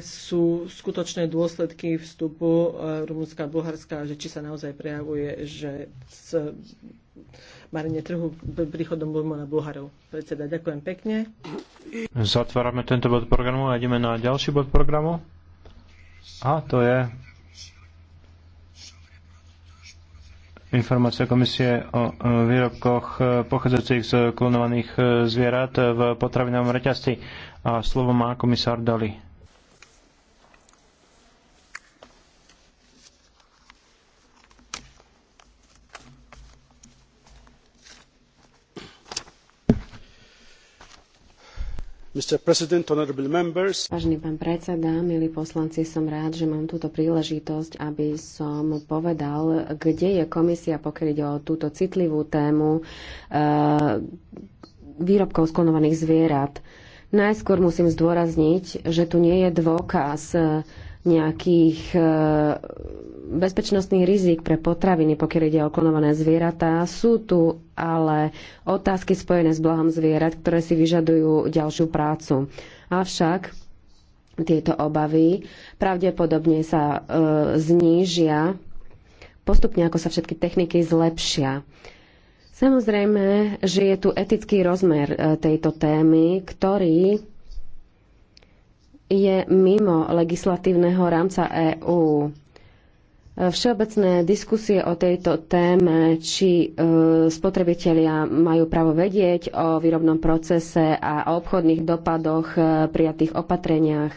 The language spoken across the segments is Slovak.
sú skutočné dôsledky vstupu e, Rumunska a Bulharska, že či sa naozaj prejavuje, že s marenie trhu príchodom na Bulharov. Predseda, ďakujem pekne. Zatvárame tento bod programu a ideme na ďalší bod programu. A to je informácia komisie o e, výrobkoch e, pochádzajúcich z klonovaných zvierat v potravinovom reťazci. A slovo má komisár Dali. Vážený pán predseda, milí poslanci, som rád, že mám túto príležitosť, aby som povedal, kde je komisia, pokiaľ ide o túto citlivú tému eh, výrobkov sklonovaných zvierat. Najskôr musím zdôrazniť, že tu nie je dôkaz nejakých e, bezpečnostných rizik pre potraviny, pokiaľ ide o klonované zvieratá. Sú tu ale otázky spojené s blahom zvierat, ktoré si vyžadujú ďalšiu prácu. Avšak tieto obavy pravdepodobne sa e, znížia postupne, ako sa všetky techniky zlepšia. Samozrejme, že je tu etický rozmer e, tejto témy, ktorý je mimo legislatívneho rámca EÚ. Všeobecné diskusie o tejto téme, či e, spotrebitelia majú právo vedieť o výrobnom procese a o obchodných dopadoch e, prijatých opatreniach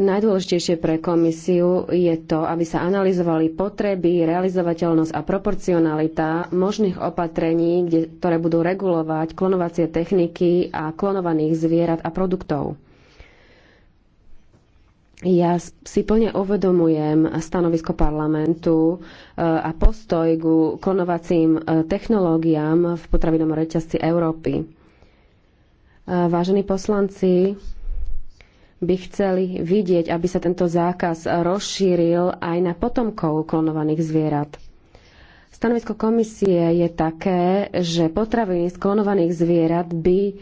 Najdôležitejšie pre komisiu je to, aby sa analyzovali potreby, realizovateľnosť a proporcionalita možných opatrení, kde, ktoré budú regulovať klonovacie techniky a klonovaných zvierat a produktov. Ja si plne uvedomujem stanovisko parlamentu eh, a postoj ku klonovacím eh, technológiám v potravinom reťazci Európy. Eh, vážení poslanci, by chceli vidieť, aby sa tento zákaz rozšíril aj na potomkov klonovaných zvierat. Stanovisko komisie je také, že potraviny z klonovaných zvierat by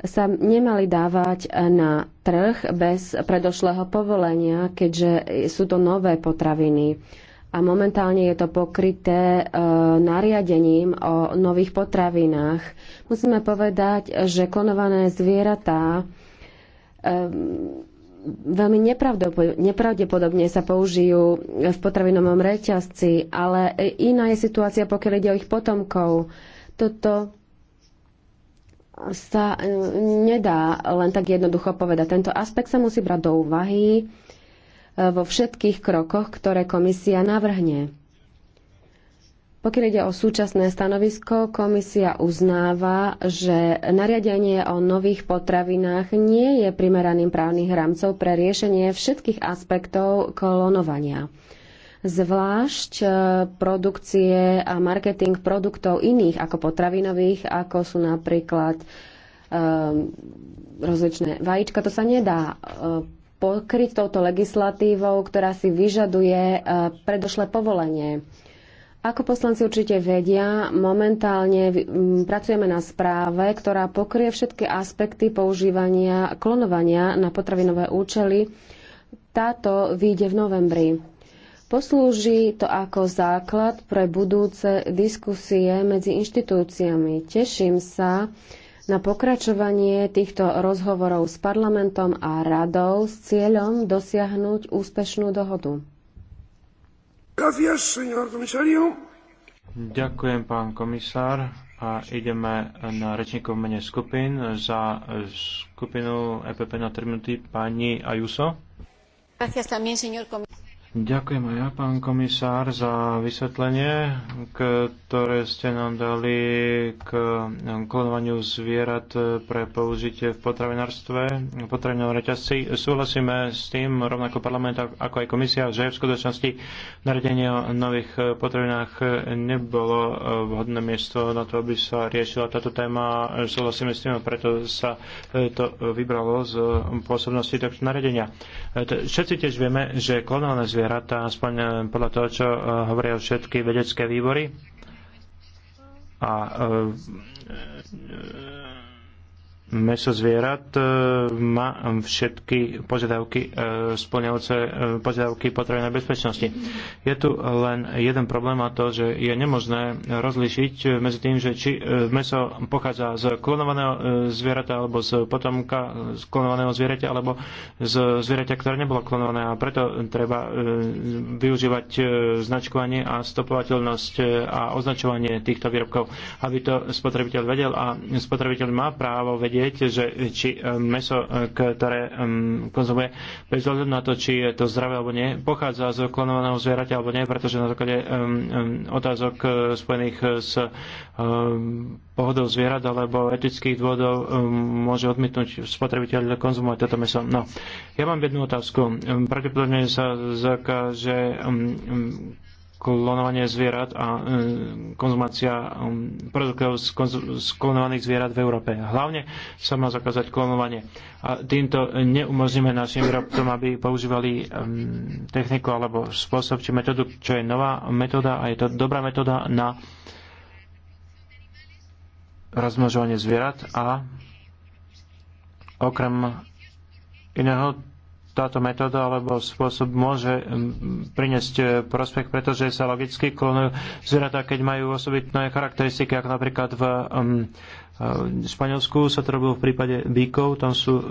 sa nemali dávať na trh bez predošlého povolenia, keďže sú to nové potraviny. A momentálne je to pokryté e, nariadením o nových potravinách. Musíme povedať, že klonované zvieratá Ehm, veľmi nepravdepodobne sa použijú v potravinovom reťazci, ale e, iná je situácia, pokiaľ ide o ich potomkov. Toto sa e, nedá len tak jednoducho povedať. Tento aspekt sa musí brať do úvahy e, vo všetkých krokoch, ktoré komisia navrhne. Pokiaľ ide o súčasné stanovisko, komisia uznáva, že nariadenie o nových potravinách nie je primeraným právnych rámcov pre riešenie všetkých aspektov klonovania zvlášť e, produkcie a marketing produktov iných ako potravinových, ako sú napríklad um, rozličné vajíčka. To sa nedá e, pokryť touto legislatívou, ktorá si vyžaduje predošlé povolenie. Ako poslanci určite vedia, momentálne pracujeme na správe, ktorá pokrie všetky aspekty používania klonovania na potravinové účely. Táto vyjde v novembri. Poslúži to ako základ pre budúce diskusie medzi inštitúciami. Teším sa na pokračovanie týchto rozhovorov s parlamentom a radou s cieľom dosiahnuť úspešnú dohodu. Ďakujem, pán komisár. A ideme na rečníkov mene skupín. Za skupinu EPP na 3 minúty pani Ayuso. Gracias también, señor comisario. Ďakujem aj ja, pán komisár, za vysvetlenie, ktoré ste nám dali k eh, klonovaniu zvierat pre použitie v potravinárstve, v potravinom reťazci. Súhlasíme s tým, rovnako parlament ako aj komisia, že v skutočnosti naredenie o nových potravinách nebolo eh, vhodné miesto na to, aby sa riešila táto téma. Súhlasíme s tým, preto sa eh, to vybralo z pôsobnosti tohto naredenia. Všetci tiež vieme, že klonované zvierat zvieratá, aspoň eh, podľa toho, čo eh, hovoria všetky vedecké výbory. A eh, meso zvierat e, má všetky požiadavky e, splňajúce e, požiadavky potrebnej bezpečnosti. Je tu len jeden problém a to, že je nemožné rozlišiť medzi tým, že či meso pochádza z klonovaného zvierata alebo z potomka z klonovaného zvieraťa alebo z zvieratia, ktoré nebolo klonované a preto treba využívať značkovanie a stopovateľnosť a označovanie týchto výrobkov, aby to spotrebiteľ vedel a spotrebiteľ má právo vedieť, vedieť, že či e, meso, e, ktoré e, konzumuje, bez ohľadu na to, či je to zdravé alebo nie, pochádza z klonovaného zvieraťa alebo nie, pretože na základe otázok spojených s pohodou zvierat alebo etických dôvodov môže odmietnúť spotrebiteľ konzumovať toto meso. No, ja mám jednu otázku. Pravdepodobne sa zakáže klonovanie zvierat a e, konzumácia produktov z klonovaných zvierat v Európe. Hlavne sa má zakázať klonovanie. A týmto neumožníme našim výrobcom, aby používali techniku alebo spôsob či metódu, čo je nová metóda a je to dobrá metóda na rozmnožovanie zvierat a okrem iného táto metóda alebo spôsob môže priniesť e, prospech, pretože sa logicky klonujú zvieratá, keď majú osobitné charakteristiky, ako napríklad v v e, Španielsku sa to robilo v prípade bíkov, tam sú e,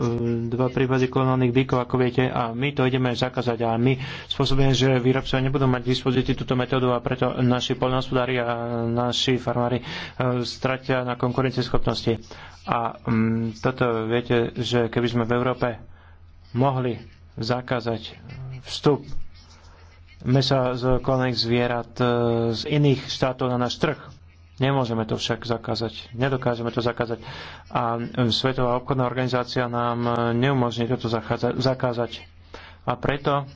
dva prípady klonovaných bíkov, ako viete, a my to ideme zakázať a my spôsobujeme, že výrobcovia nebudú mať dispozícii túto metódu a preto naši poľnohospodári a naši farmári stratia na konkurencieschopnosti. A toto viete, že keby sme v Európe mohli zakázať vstup mesa z kolených zvierat e, z iných štátov na náš trh. Nemôžeme to však zakázať. Nedokážeme to zakázať. A Svetová obchodná organizácia nám e, neumožní toto zakázať. A preto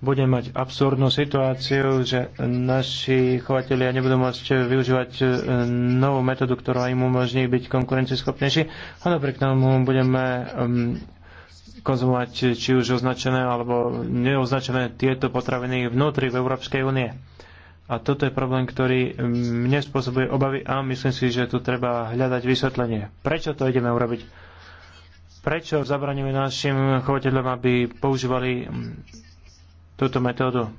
budeme mať absurdnú situáciu, že naši chovatelia nebudú môcť využívať e, novú metódu, ktorá im umožní byť konkurencieschopnejší. A napriek tomu budeme konzumovať či už označené alebo neoznačené tieto potraviny vnútri v Európskej únie. A toto je problém, ktorý mne spôsobuje obavy a myslím si, že tu treba hľadať vysvetlenie. Prečo to ideme urobiť? Prečo zabraňujeme našim chovateľom, aby používali túto metódu?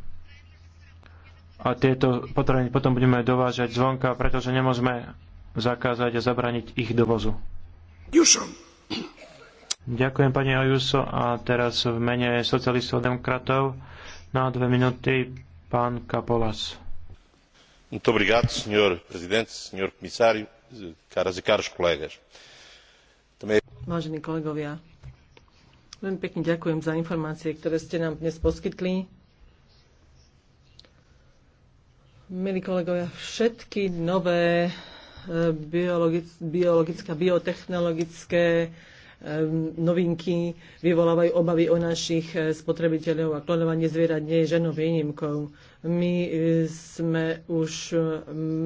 A tieto potraviny potom budeme dovážať zvonka, pretože nemôžeme zakázať a zabraniť ich dovozu. Jusom. Ďakujem pani Ajuso a teraz v mene socialistov demokratov na dve minúty pán Kapolas. Muito obrigado, senhor presidente, senhor comissário, caras e caros colegas. Também... Vážení kolegovia, veľmi pekne ďakujem za informácie, ktoré ste nám dnes poskytli. Milí kolegovia, všetky nové eh, biologické, biotechnologické Ehm, novinky vyvolávajú obavy o našich e, spotrebiteľov a klonovanie zvierat nie je ženou výnimkou. My e, sme už e,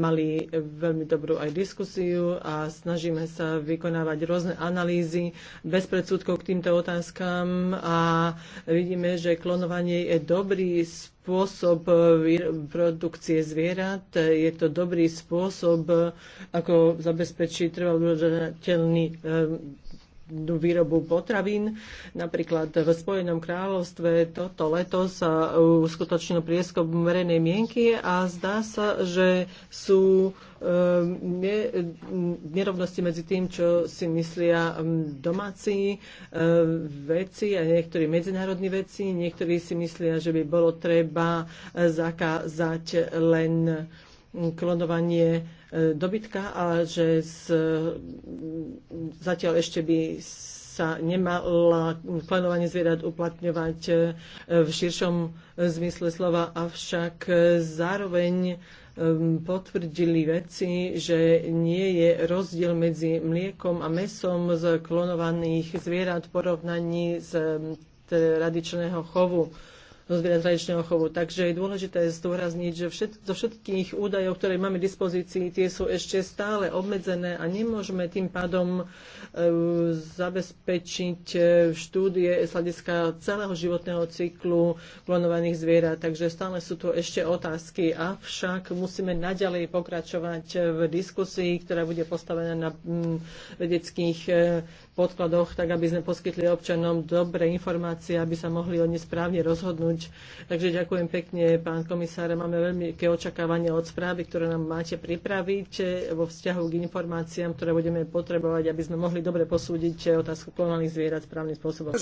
mali veľmi dobrú aj diskusiu a snažíme sa vykonávať rôzne analýzy bez predsudkov k týmto otázkam a vidíme, že klonovanie je dobrý spôsob produkcie zvierat, je to dobrý spôsob, ako zabezpečiť trvalodržateľný výrobu potravín. Napríklad v Spojenom kráľovstve toto leto sa uskutočnil prieskop verejnej mienky a zdá sa, že sú ehm, nerovnosti medzi tým, čo si myslia ehm, domáci ehm, veci a niektorí medzinárodní veci. Niektorí si myslia, že by bolo treba zakázať len klonovanie E, dobytka a že z, e, zatiaľ ešte by sa nemala klonovanie zvierat uplatňovať e, v širšom zmysle slova, avšak zároveň potvrdili veci, že nie je rozdiel medzi mliekom a mesom z klonovaných zvierat v porovnaní z tradičného chovu zo tradičného chovu. Takže je dôležité zdôrazniť, že všet, zo všetkých údajov, ktoré máme v dispozícii, tie sú ešte stále obmedzené a nemôžeme tým pádom e, zabezpečiť e, štúdie z hľadiska celého životného cyklu klonovaných zvierat. Takže stále sú tu ešte otázky, avšak musíme naďalej pokračovať v diskusii, ktorá bude postavená na vedeckých e, podkladoch, tak aby sme poskytli občanom dobré informácie, aby sa mohli oni správne rozhodnúť. Takže ďakujem pekne, pán komisár. Máme veľké očakávanie od správy, ktoré nám máte pripraviť eh, vo vzťahu k informáciám, ktoré budeme potrebovať, aby sme mohli dobre posúdiť eh, otázku klonálnych zvierat správnym spôsobom.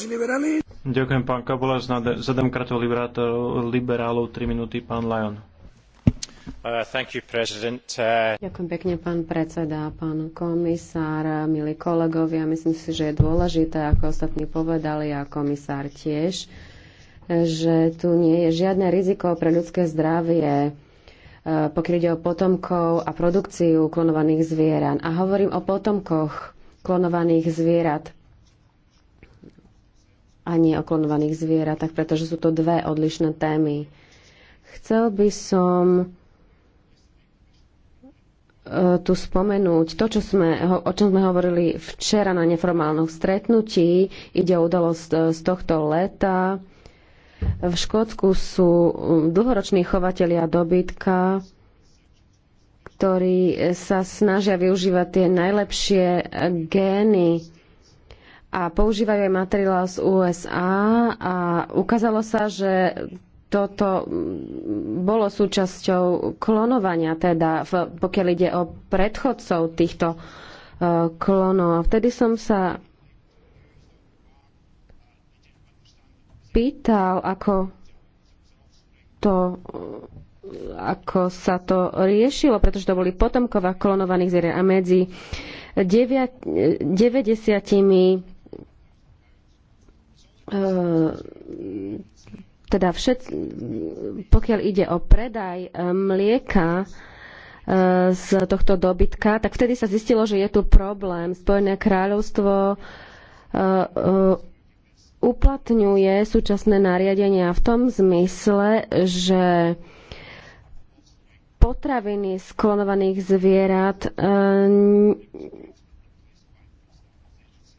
Ďakujem, pán Kabula, za demokratov liberálov 3 minúty, pán Lajon. Uh, uh, Ďakujem pekne, pán predseda, pán komisár, milí kolegovia. Myslím si, že je dôležité, ako ostatní povedali a komisár tiež, že tu nie je žiadne riziko pre ľudské zdravie uh, pokiaľ ide o potomkov a produkciu klonovaných zvierat. A hovorím o potomkoch klonovaných zvierat a nie o klonovaných zvieratách, pretože sú to dve odlišné témy. Chcel by som E, tu spomenúť to, čo sme, o čom sme hovorili včera na neformálnom stretnutí. Ide o udalosť e, z tohto leta. V Škótsku sú dlhoroční chovatelia dobytka, ktorí sa snažia využívať tie najlepšie gény a používajú aj materiál z USA a ukázalo sa, že toto mm, bolo súčasťou klonovania, teda v, pokiaľ ide o predchodcov týchto uh, klonov. Vtedy som sa pýtal, ako to ako sa to riešilo, pretože to boli potomkova klonovaných zvierat a medzi 9, 90 teda všet, pokiaľ ide o predaj e, mlieka e, z tohto dobytka, tak vtedy sa zistilo, že je tu problém. Spojené kráľovstvo e, uplatňuje súčasné nariadenia v tom zmysle, že potraviny sklonovaných zvierat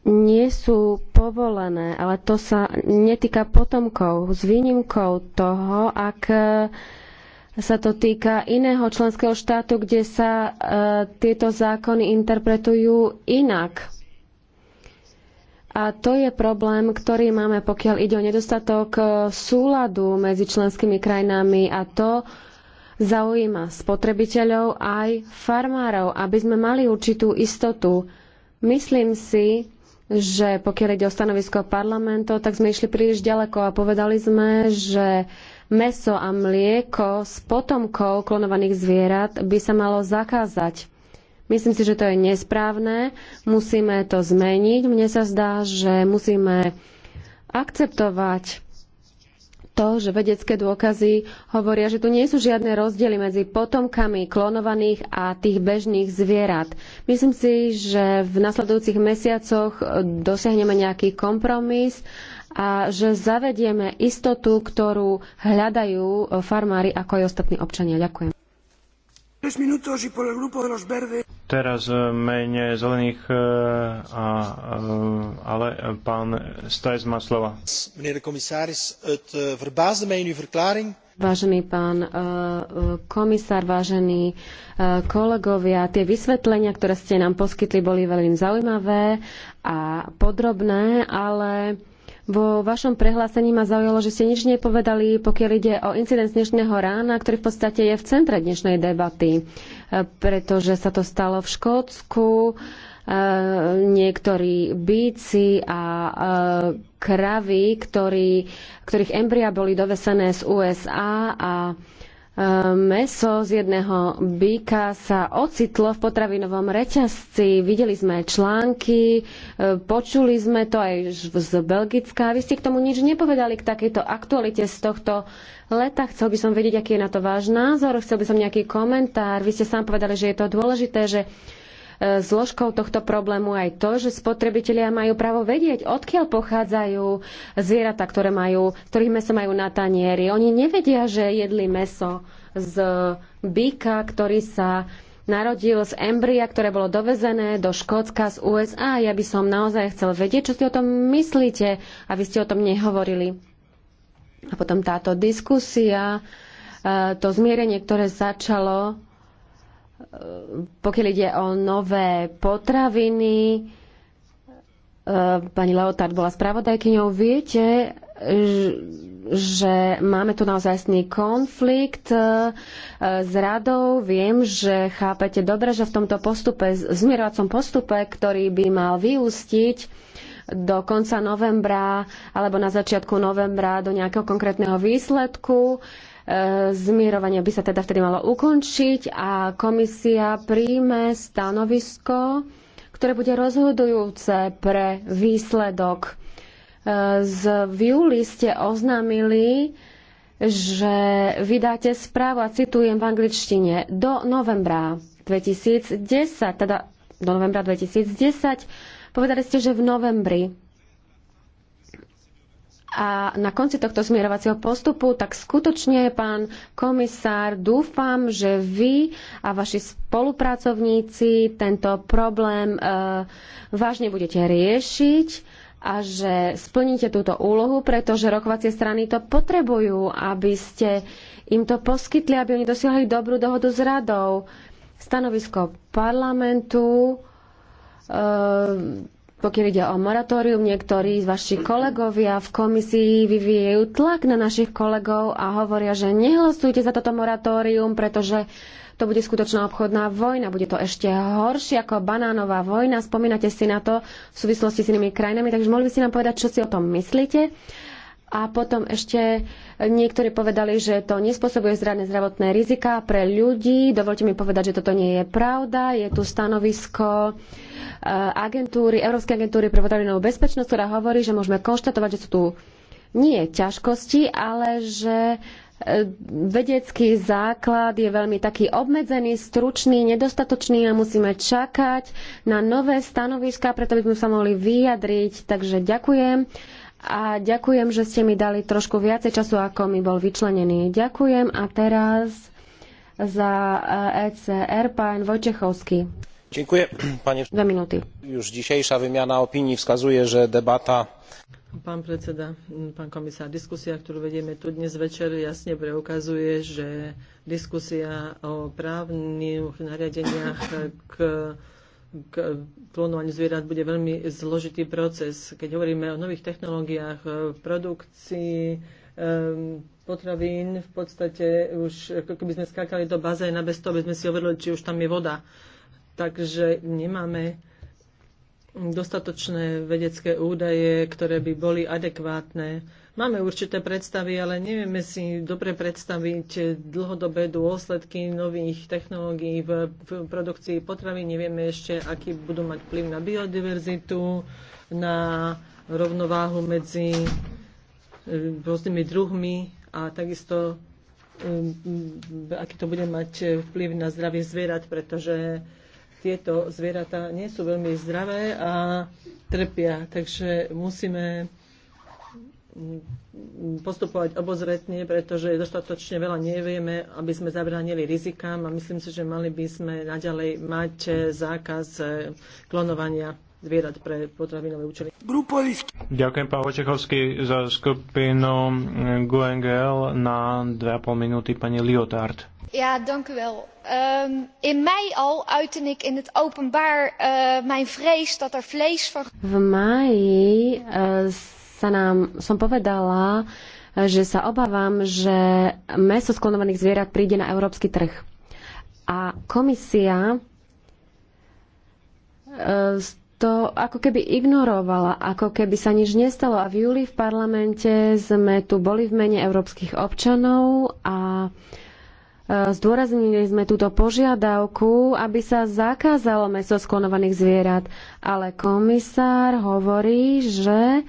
nie sú povolené, ale to sa netýka potomkov, s výnimkou toho, ak e, sa to týka iného členského štátu, kde sa e, tieto zákony interpretujú inak. A to je problém, ktorý máme, pokiaľ ide o nedostatok e, súladu medzi členskými krajinami a to zaujíma spotrebiteľov aj farmárov, aby sme mali určitú istotu. Myslím si, že pokiaľ ide o stanovisko parlamentu, tak sme išli príliš ďaleko a povedali sme, že meso a mlieko z potomkov klonovaných zvierat by sa malo zakázať. Myslím si, že to je nesprávne, musíme to zmeniť. Mne sa zdá, že musíme akceptovať to, že vedecké dôkazy hovoria, že tu nie sú žiadne rozdiely medzi potomkami klonovaných a tých bežných zvierat. Myslím si, že v nasledujúcich mesiacoch dosiahneme nejaký kompromis a že zavedieme istotu, ktorú hľadajú farmári ako aj ostatní občania. Ďakujem. Teraz mene zelených, eh, a, eh, ale pán Stajs má slova. Eh, Vážený pán komisár, vážení kolegovia, tie vysvetlenia, ktoré ste nám poskytli, boli veľmi zaujímavé a podrobné, ale vo vašom prehlásení ma zaujalo, že ste nič nepovedali, pokiaľ ide o incident dnešného rána, ktorý v podstate je v centre dnešnej debaty, e, pretože sa to stalo v Škótsku. E, niektorí bíci a e, kravy, ktorý, ktorých embria boli dovesené z USA a E, meso z jedného býka sa ocitlo v potravinovom reťazci. Videli sme články, e, počuli sme to aj z Belgická. Vy ste k tomu nič nepovedali k takejto aktualite z tohto leta. Chcel by som vedieť, aký je na to váš názor. Chcel by som nejaký komentár. Vy ste sám povedali, že je to dôležité, že zložkou tohto problému aj to, že spotrebitelia majú právo vedieť, odkiaľ pochádzajú zvieratá, ktoré majú, ktorých meso majú na tanieri. Oni nevedia, že jedli meso z býka, ktorý sa narodil z embria, ktoré bolo dovezené do Škótska z USA. Ja by som naozaj chcel vedieť, čo si o tom myslíte aby ste o tom nehovorili. A potom táto diskusia, e, to zmierenie, ktoré začalo pokiaľ ide o nové potraviny, e, pani Leotard bola spravodajkyňou, viete, že máme tu naozaj konflikt e, s radou. Viem, že chápete dobre, že v tomto postupe, v zmierovacom postupe, ktorý by mal vyústiť do konca novembra alebo na začiatku novembra do nejakého konkrétneho výsledku, E, zmierovanie by sa teda vtedy malo ukončiť a komisia príjme stanovisko, ktoré bude rozhodujúce pre výsledok. E, z, v júli ste oznámili, že vydáte správu, a citujem v angličtine, do novembra 2010, teda do novembra 2010, povedali ste, že v novembri a na konci tohto zmierovacieho postupu, tak skutočne, pán komisár, dúfam, že vy a vaši spolupracovníci tento problém e, vážne budete riešiť a že splníte túto úlohu, pretože rokovacie strany to potrebujú, aby ste im to poskytli, aby oni dosiahli dobrú dohodu s radou. Stanovisko parlamentu. E, pokiaľ ide o moratórium, niektorí z vašich kolegovia v komisii vyvíjajú tlak na našich kolegov a hovoria, že nehlasujte za toto moratórium, pretože to bude skutočná obchodná vojna, bude to ešte horšie ako banánová vojna. Spomínate si na to v súvislosti s inými krajinami, takže mohli by ste nám povedať, čo si o tom myslíte. A potom ešte niektorí povedali, že to nespôsobuje zdravné zdravotné rizika pre ľudí. Dovolte mi povedať, že toto nie je pravda. Je tu stanovisko eh, agentúry, Európskej agentúry pre potravinovú bezpečnosť, ktorá hovorí, že môžeme konštatovať, že sú tu nie ťažkosti, ale že eh, vedecký základ je veľmi taký obmedzený, stručný, nedostatočný a musíme čakať na nové stanoviská, preto by sme sa mohli vyjadriť. Takže ďakujem a ďakujem, že ste mi dali trošku viacej času, ako mi bol vyčlenený. Ďakujem a teraz za ECR eh, e pán Vojčechovský. Dziękuję, panie Dwa minuty. Już dzisiejsza wymiana opinii wskazuje, że debata Pán predseda, pán komisár, diskusia, ktorú vedieme tu dnes večer, jasne preukazuje, že diskusia o právnych nariadeniach k k klonovaniu zvierat bude veľmi zložitý proces. Keď hovoríme o nových technológiách v e, produkcii e, potravín, v podstate už keby sme skákali do bazéna bez toho, aby sme si overili, či už tam je voda. Takže nemáme dostatočné vedecké údaje, ktoré by boli adekvátne Máme určité predstavy, ale nevieme si dobre predstaviť dlhodobé dôsledky nových technológií v, produkcii potravy. Nevieme ešte, aký budú mať vplyv na biodiverzitu, na rovnováhu medzi e, rôznymi druhmi a takisto e, aký to bude mať vplyv na zdravie zvierat, pretože tieto zvieratá nie sú veľmi zdravé a trpia. Takže musíme postupovať obozretne, pretože dostatočne veľa nevieme, aby sme zabránili rizikám a myslím si, že mali by sme naďalej mať eh, zákaz eh, klonovania zvierat pre potravinové účely. Ďakujem pán Vočechovský za skupinu eh, GUNGL na 2,5 minúty pani Liotard. Ja, dank u wel. Um, in mei al uitte ik in het openbaar uh, mijn vrees dat er vlees van... V maji uh, sa nám, som povedala, že sa obávam, že meso sklonovaných zvierat príde na európsky trh. A komisia e, to ako keby ignorovala, ako keby sa nič nestalo. A v júli v parlamente sme tu boli v mene európskych občanov a e, Zdôraznili sme túto požiadavku, aby sa zakázalo meso sklonovaných zvierat, ale komisár hovorí, že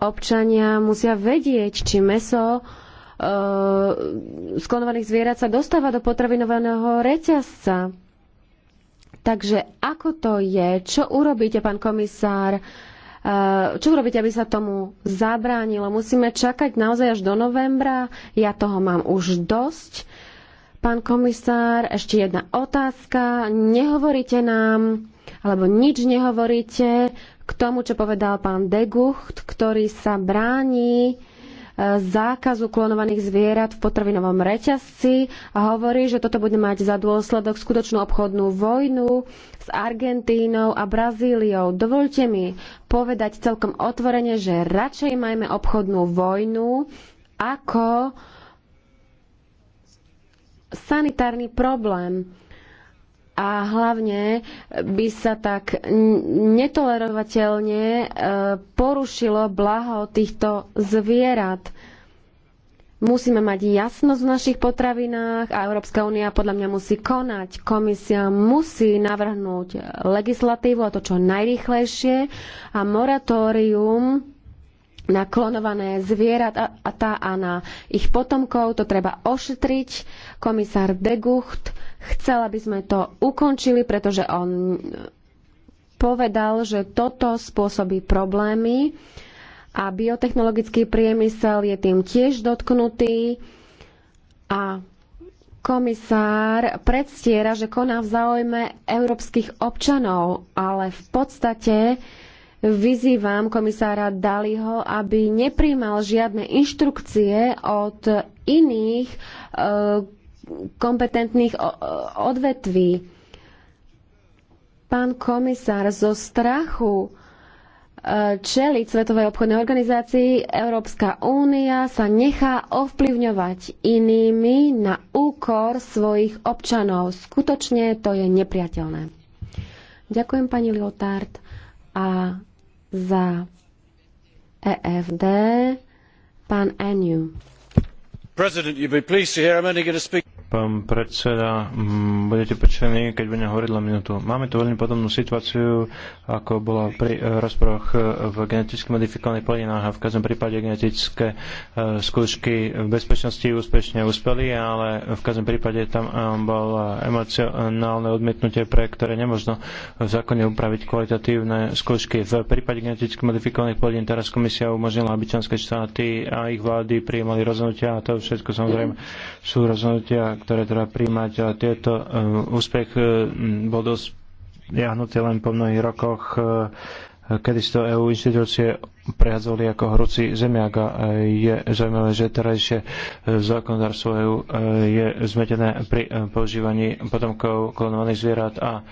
občania musia vedieť, či meso e, sklonovaných zvierat sa dostáva do potravinového reťazca. Takže ako to je? Čo urobíte, pán komisár? E, čo urobíte, aby sa tomu zabránilo? Musíme čakať naozaj až do novembra. Ja toho mám už dosť. Pán komisár, ešte jedna otázka. Nehovoríte nám, alebo nič nehovoríte k tomu, čo povedal pán Degucht, ktorý sa bráni e, zákazu klonovaných zvierat v potravinovom reťazci a hovorí, že toto bude mať za dôsledok skutočnú obchodnú vojnu s Argentínou a Brazíliou. Dovolte mi povedať celkom otvorene, že radšej majme obchodnú vojnu ako sanitárny problém a hlavne by sa tak netolerovateľne e, porušilo blaho týchto zvierat. Musíme mať jasnosť v našich potravinách a Európska únia podľa mňa musí konať. Komisia musí navrhnúť legislatívu a to čo najrychlejšie. a moratórium na klonované zvierat a na ich potomkov. To treba ošetriť. Komisár de Gucht chcel, aby sme to ukončili, pretože on povedal, že toto spôsobí problémy a biotechnologický priemysel je tým tiež dotknutý a komisár predstiera, že koná v záujme európskych občanov, ale v podstate Vyzývam komisára Daliho, aby nepríjmal žiadne inštrukcie od iných eh, kompetentných eh, odvetví. Pán komisár, zo strachu eh, čeliť Svetovej obchodnej organizácii, Európska únia sa nechá ovplyvňovať inými na úkor svojich občanov. Skutočne to je nepriateľné. Ďakujem pani Lyotard a za EFD, pán Eniu. President, you'll be pleased to hear I'm only going to speak... Pán predseda, mm, budete pečení, keď budem hovoriť len minútu. Máme tu veľmi podobnú situáciu, ako bola pri eh, rozpravoch eh, v geneticky modifikovaných plodinách a v každom prípade genetické eh, skúšky bezpečnosti úspešne uspeli, ale v každom prípade tam bolo emocionálne odmietnutie, pre ktoré nemožno v zákone upraviť kvalitatívne skúšky. V prípade geneticky modifikovaných plodín teraz komisia umožnila, aby členské štáty a ich vlády prijímali rozhodnutia a to všetko samozrejme sú rozhodnutia, ktoré treba príjmať. A tieto e, úspech e, bol dosť jahnutý len po mnohých rokoch, e, kedy si to EU inštitúcie prehádzali ako horúci zemiak a je zaujímavé, že terajšie zákonodárstvo EU e, je zmetené pri e, používaní potomkov klonovaných zvierat a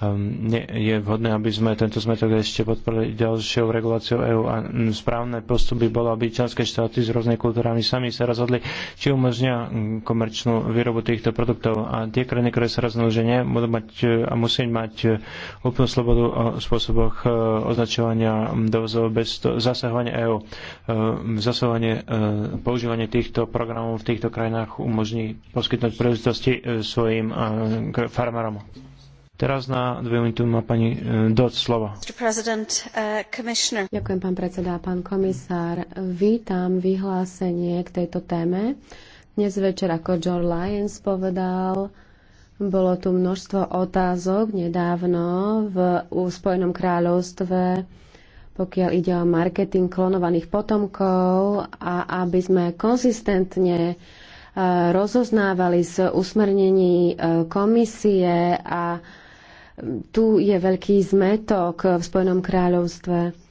ehm, nie je vhodné, aby sme tento zmetok ešte podporili ďalšou reguláciou EU a správne postupy bolo, aby členské štáty s rôznymi kultúrami sami sa rozhodli, či umožnia komerčnú výrobu týchto produktov a tie krajiny, ktoré sa rozhodnú, že nie, budú mať e, a musieť mať úplnú slobodu o spôsoboch označovania dovozov bez to, zasahovanie EÚ. E, zasahovanie, e, používanie týchto programov v týchto krajinách umožní poskytnúť príležitosti e, svojim farmárom. Teraz na dve minúty má pani Doc slovo. Ďakujem, pán predseda a pán komisár. Vítam vyhlásenie k tejto téme. Dnes večer, ako John Lyons povedal, bolo tu množstvo otázok nedávno v Spojenom kráľovstve pokiaľ ide o marketing klonovaných potomkov a aby sme konzistentne e, rozoznávali z usmernení e, komisie a tu je veľký zmetok v Spojenom kráľovstve.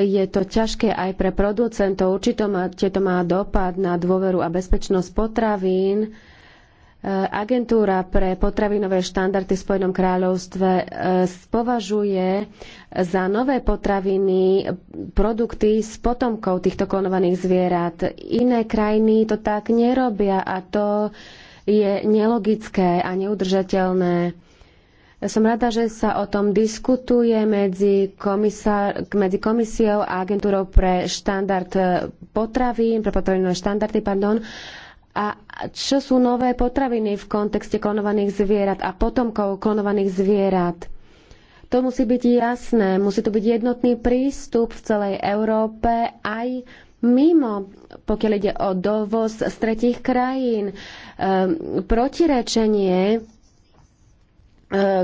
Je to ťažké aj pre producentov, určite to má, to má dopad na dôveru a bezpečnosť potravín Eh, agentúra pre potravinové štandardy v Spojenom kráľovstve eh, považuje za nové potraviny produkty z potomkov týchto klonovaných zvierat. Iné krajiny to tak nerobia a to je nelogické a neudržateľné. Som rada, že sa o tom diskutuje medzi, komisár, medzi komisiou a agentúrou pre štandard eh, potravín, pre potravinové štandardy, pardon, a čo sú nové potraviny v kontexte klonovaných zvierat a potomkov klonovaných zvierat. To musí byť jasné, musí to byť jednotný prístup v celej Európe aj mimo, pokiaľ ide o dovoz z tretich krajín. Ehm, protirečenie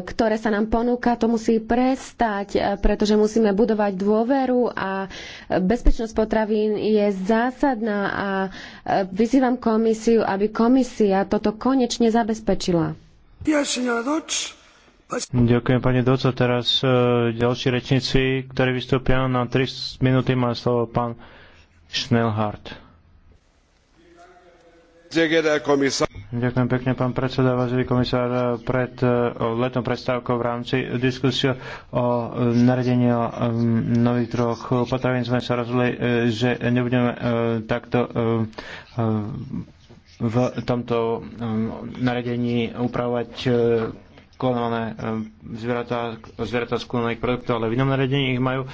ktoré sa nám ponúka, to musí prestať, e, pretože musíme budovať dôveru a bezpečnosť potravín je zásadná a e, vyzývam komisiu, aby komisia toto konečne zabezpečila. Ďakujem pani Doca. Teraz e, ďalší rečníci, ktorí vystúpia na 3 minúty, má slovo pán Schnellhardt. Sehr geehrter Herr Kommissar, Ďakujem pekne, pán predseda, vážený komisár. Pred eh, letom predstavkou v rámci diskusie o eh, naredení o eh, nových troch potravín sme sa rozhodli, že nebudeme takto v tomto naredení upravovať klonované zvieratá, zvieratá z klonovaných produktov, ale v inom naredení ich majú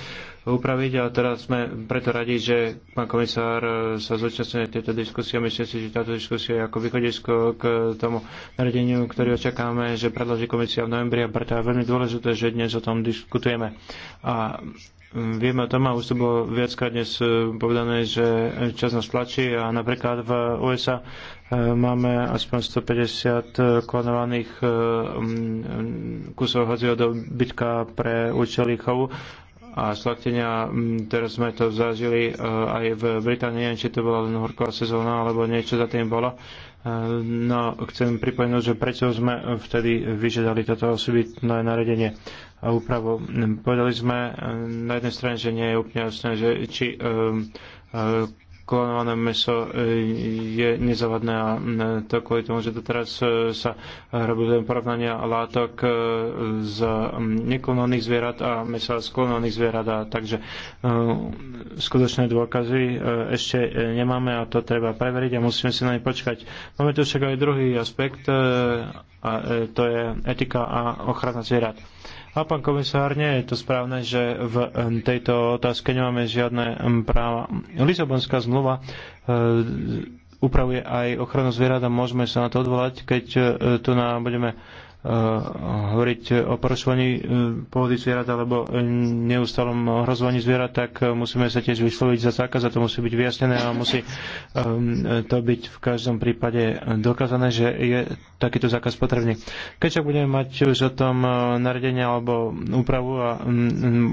upraviť a teraz sme preto radi, že pán komisár e, sa zúčastňuje tejto diskusie. Myslím si, že táto diskusia je ako východisko k tomu naredeniu, ktorý očakáme, že predloží komisia v novembri a preto je veľmi dôležité, že dnes o tom diskutujeme. A Vieme o tom, a už to bolo viackrát dnes e, povedané, že čas nás tlačí a napríklad v USA e, máme aspoň 150 klonovaných kusov hodzieho do pre účely chovu a slatenia. Mm, teraz sme to zažili e, aj v Británii, neviem, či to bola len horková sezóna alebo niečo za tým bolo. E, no, chcem pripomenúť, že prečo sme vtedy vyžiadali toto osobitné naredenie a úpravu. Povedali sme e, na jednej strane, že nie je úplne jasné, že či klonované meso e, je nezavadné a to kvôli tomu, že to teraz e, sa robili porovnania látok e, z neklonovaných zvierat a mesa z klonovaných zvierat. A takže skutočné dôkazy ešte nemáme a to treba preveriť a musíme si na ne počkať. Máme tu však aj druhý aspekt a to je etika a ochrana zvierat. A pán komisár, nie je to správne, že v tejto otázke nemáme žiadne práva. Lisabonská zmluva eh, upravuje aj ochranu zvierat a môžeme sa na to odvolať, keď eh, tu nám budeme Eh, hovoriť o porušovaní eh, pohody zvierat alebo neustalom ohrozovaní zvierat, tak eh, musíme sa tiež vysloviť za zákaz a to musí byť vyjasnené a musí to byť v každom prípade dokázané, že je takýto zákaz potrebný. Keď sa budeme mať už o tom naredenie alebo úpravu a mm, mm,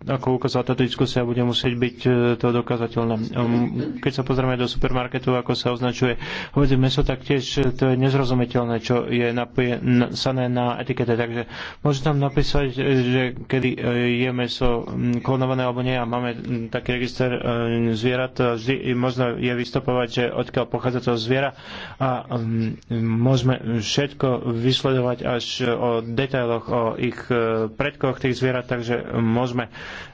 ako ukázala táto diskusia, bude musieť byť e, to dokazateľné. Ehm, keď sa pozrieme do supermarketu, ako sa označuje hovedzie meso, tak tiež e, to je nezrozumiteľné, čo je napísané na etikete. Takže môžete tam napísať, e, že kedy je meso klonované alebo nie a máme taký register zvierat. Vždy možno je vystopovať, že odkiaľ pochádza to zviera a môžeme všetko vysledovať až o detailoch, o ich predkoch tých zvierat, takže môžeme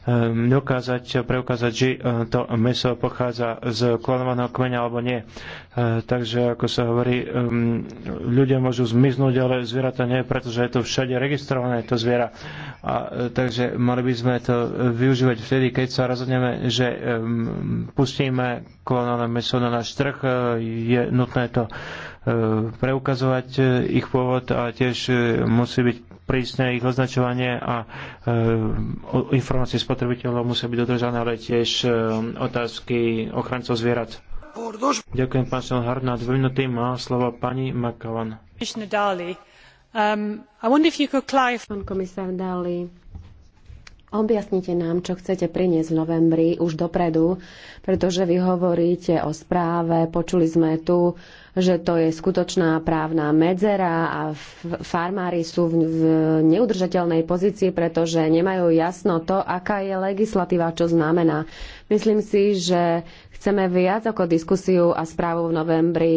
Ehm, dokázať, preukázať, že to meso pochádza z klonovaného kmeňa alebo nie. E, takže, ako sa hovorí, ehm, ľudia môžu zmiznúť, ale zvieratá nie, pretože je to všade registrované, to zviera. A, e, takže mali by sme to využívať vtedy, keď sa rozhodneme, že ehm, pustíme klonované meso na náš trh, e, je nutné to E, preukazovať e, ich pôvod a tiež e, musí byť prísne ich označovanie a informácie spotrebiteľov musia byť dodržané, ale tiež otázky ochrancov zvierat. Ďakujem, pán Šelhard. Na dve minúty má slovo pani Makavan. Pán komisár Dali, Objasnite nám, čo chcete priniesť v novembri už dopredu, pretože vy hovoríte o správe, počuli sme tu, že to je skutočná právna medzera a farmári sú v, v neudržateľnej pozícii, pretože nemajú jasno to, aká je legislatíva, čo znamená. Myslím si, že chceme viac ako diskusiu a správu v novembri,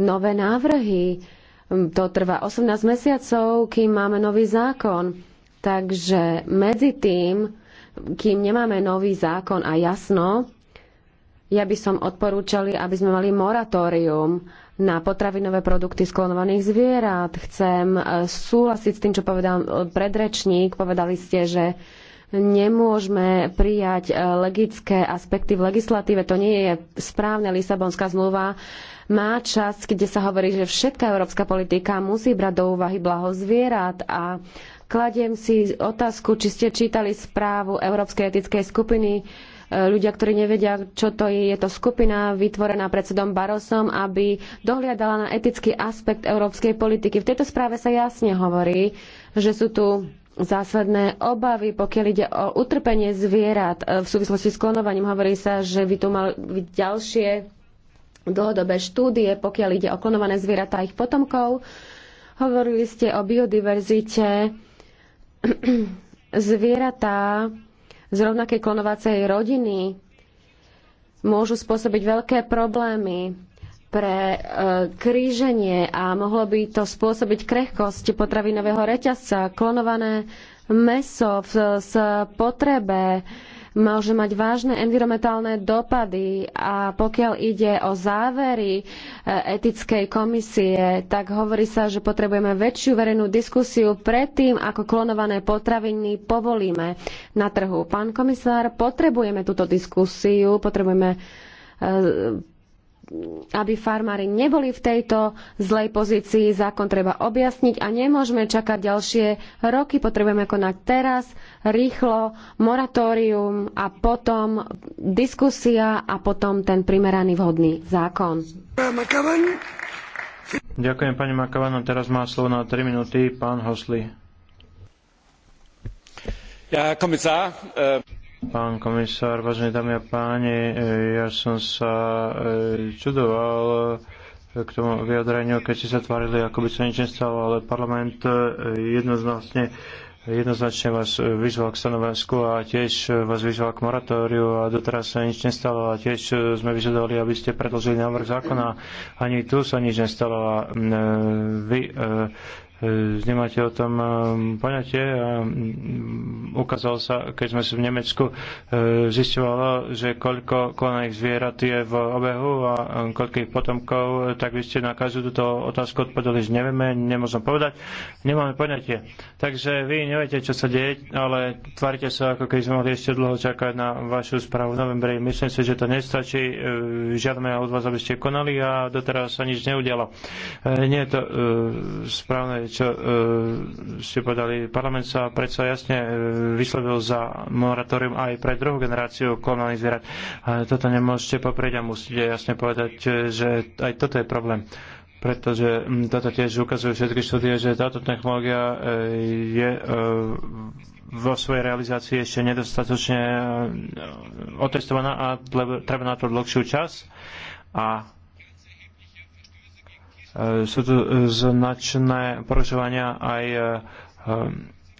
nové návrhy. To trvá 18 mesiacov, kým máme nový zákon Takže medzi tým, kým nemáme nový zákon a jasno, ja by som odporúčali, aby sme mali moratórium na potravinové produkty sklonovaných zvierat. Chcem e, súhlasiť s tým, čo povedal e, predrečník. Povedali ste, že nemôžeme prijať e, legické aspekty v legislatíve. To nie je správne. Lisabonská zmluva má čas, kde sa hovorí, že všetká európska politika musí brať do úvahy blaho zvierat a Kladiem si otázku, či ste čítali správu Európskej etickej skupiny. E, ľudia, ktorí nevedia, čo to je, je to skupina vytvorená predsedom Barosom, aby dohliadala na etický aspekt európskej politiky. V tejto správe sa jasne hovorí, že sú tu zásadné obavy, pokiaľ ide o utrpenie zvierat e, v súvislosti s klonovaním. Hovorí sa, že by tu mali byť ďalšie dlhodobé štúdie, pokiaľ ide o klonované zvieratá a ich potomkov. Hovorili ste o biodiverzite, zvieratá z rovnakej klonovacej rodiny môžu spôsobiť veľké problémy pre e, kríženie a mohlo by to spôsobiť krehkosť potravinového reťazca, klonované meso v, v potrebe e, môže mať vážne environmentálne dopady a pokiaľ ide o závery e, etickej komisie, tak hovorí sa, že potrebujeme väčšiu verejnú diskusiu predtým, ako klonované potraviny povolíme na trhu. Pán komisár, potrebujeme túto diskusiu, potrebujeme e, aby farmári neboli v tejto zlej pozícii. Zákon treba objasniť a nemôžeme čakať ďalšie roky. Potrebujeme konať teraz, rýchlo, moratórium a potom diskusia a potom ten primeraný vhodný zákon. Ďakujem pani Makavan. Teraz má slovo na 3 minúty pán Hosli. Ja, komisár, eh, Pán komisár, vážne dámy a páni, ja som sa e, čudoval e, k tomu vyjadreniu, keď si sa tvárili, ako by sa nič nestalo, ale parlament e, jednoznačne jednoznačne vás vyzval k stanovisku a tiež vás vyzval k moratóriu a doteraz sa nič nestalo a tiež sme vyžadovali, aby ste predložili návrh zákona. Ani tu sa nič nestalo a vy nemáte o tom ehm, poňatie a mm, ukázalo sa, keď sme si v Nemecku ehm, zistovalo, že koľko konaných zvierat je v obehu a ehm, koľko ich potomkov, tak vy ste na každú túto otázku odpovedali, že nevieme, nemôžem povedať, nemáme poňatie. Takže vy neviete, čo sa deje, ale tvárte sa, ako keď sme mohli ešte dlho čakať na vašu správu v novembri. Myslím si, že to nestačí. Žiadame od vás, aby ste konali a doteraz sa nič neudialo. E, nie je to správne čo e, ste povedali. Parlament sa predsa jasne e, vyslovil za moratórium aj pre druhú generáciu klonovaných zvierat. A toto nemôžete poprieť a musíte jasne povedať, že aj toto je problém pretože toto tiež ukazujú všetky štúdie, že táto technológia e, je e, vo svojej realizácii ešte nedostatočne otestovaná a treba na to dlhšiu čas a E, sú tu e, značné porušovania aj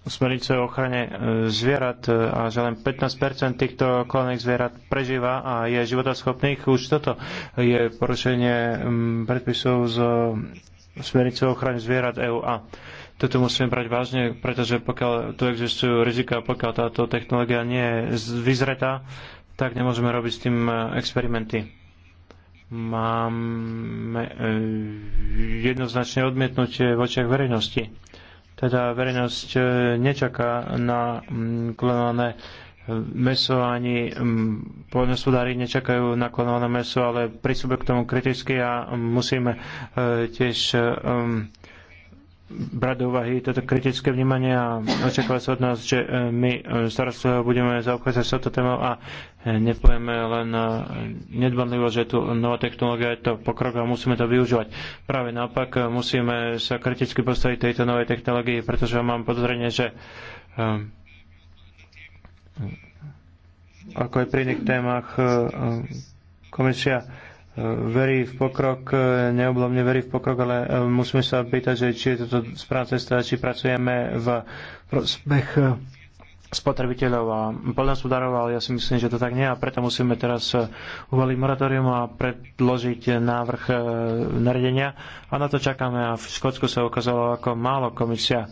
smernice o ochrane zvierat a že len 15% týchto kolených zvierat prežíva a je životoschopných. Už toto je porušenie predpisov z smernice o ochrane zvierat EU a toto musíme brať vážne, pretože pokiaľ tu existujú rizika, pokiaľ táto technológia nie je vyzretá, tak nemôžeme robiť s tým e, experimenty máme e, jednoznačné odmietnutie v očiach verejnosti. Teda verejnosť e, nečaká na klonované e, meso ani poľnospodári nečakajú na klonované meso, ale prísúbe k tomu kriticky a musíme tiež brať do úvahy toto kritické vnímanie a očakávať sa od nás, že e, my e, starostlivo budeme zaobchádzať s touto témou a e, nepojeme len nedbanlivo, že tu nová technológia je to pokrok a musíme to využívať. Práve naopak musíme sa kriticky postaviť tejto novej technológii, pretože mám podozrenie, že ako aj pri iných témach komisia verí v pokrok, e, neoblomne verí v pokrok, ale e, musíme sa pýtať, že či je toto správna cesta, či pracujeme v prospech e, spotrebiteľov a poľnohospodárov, ale ja si myslím, že to tak nie a preto musíme teraz uvaliť moratórium a predložiť návrh nariadenia a na to čakáme a v Škótsku sa ukázalo, ako málo komisia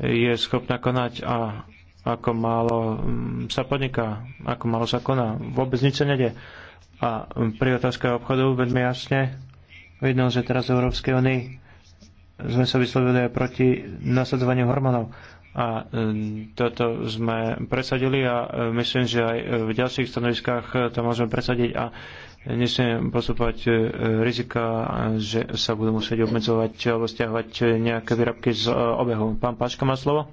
je schopná konať a ako málo mm, sa podniká, ako málo sa koná. Vôbec nič sa nedie. A pri otázke obchodu veľmi jasne vidno, že teraz v Európskej únii sme sa vyslovili aj proti nasadzovaniu hormónov. A um, toto sme presadili a um, myslím, že aj v ďalších stanoviskách to môžeme presadiť a nesmieme postupovať uh, rizika, že sa budú musieť obmedzovať alebo stiahovať nejaké výrobky z uh, obehu. Pán Paška má slovo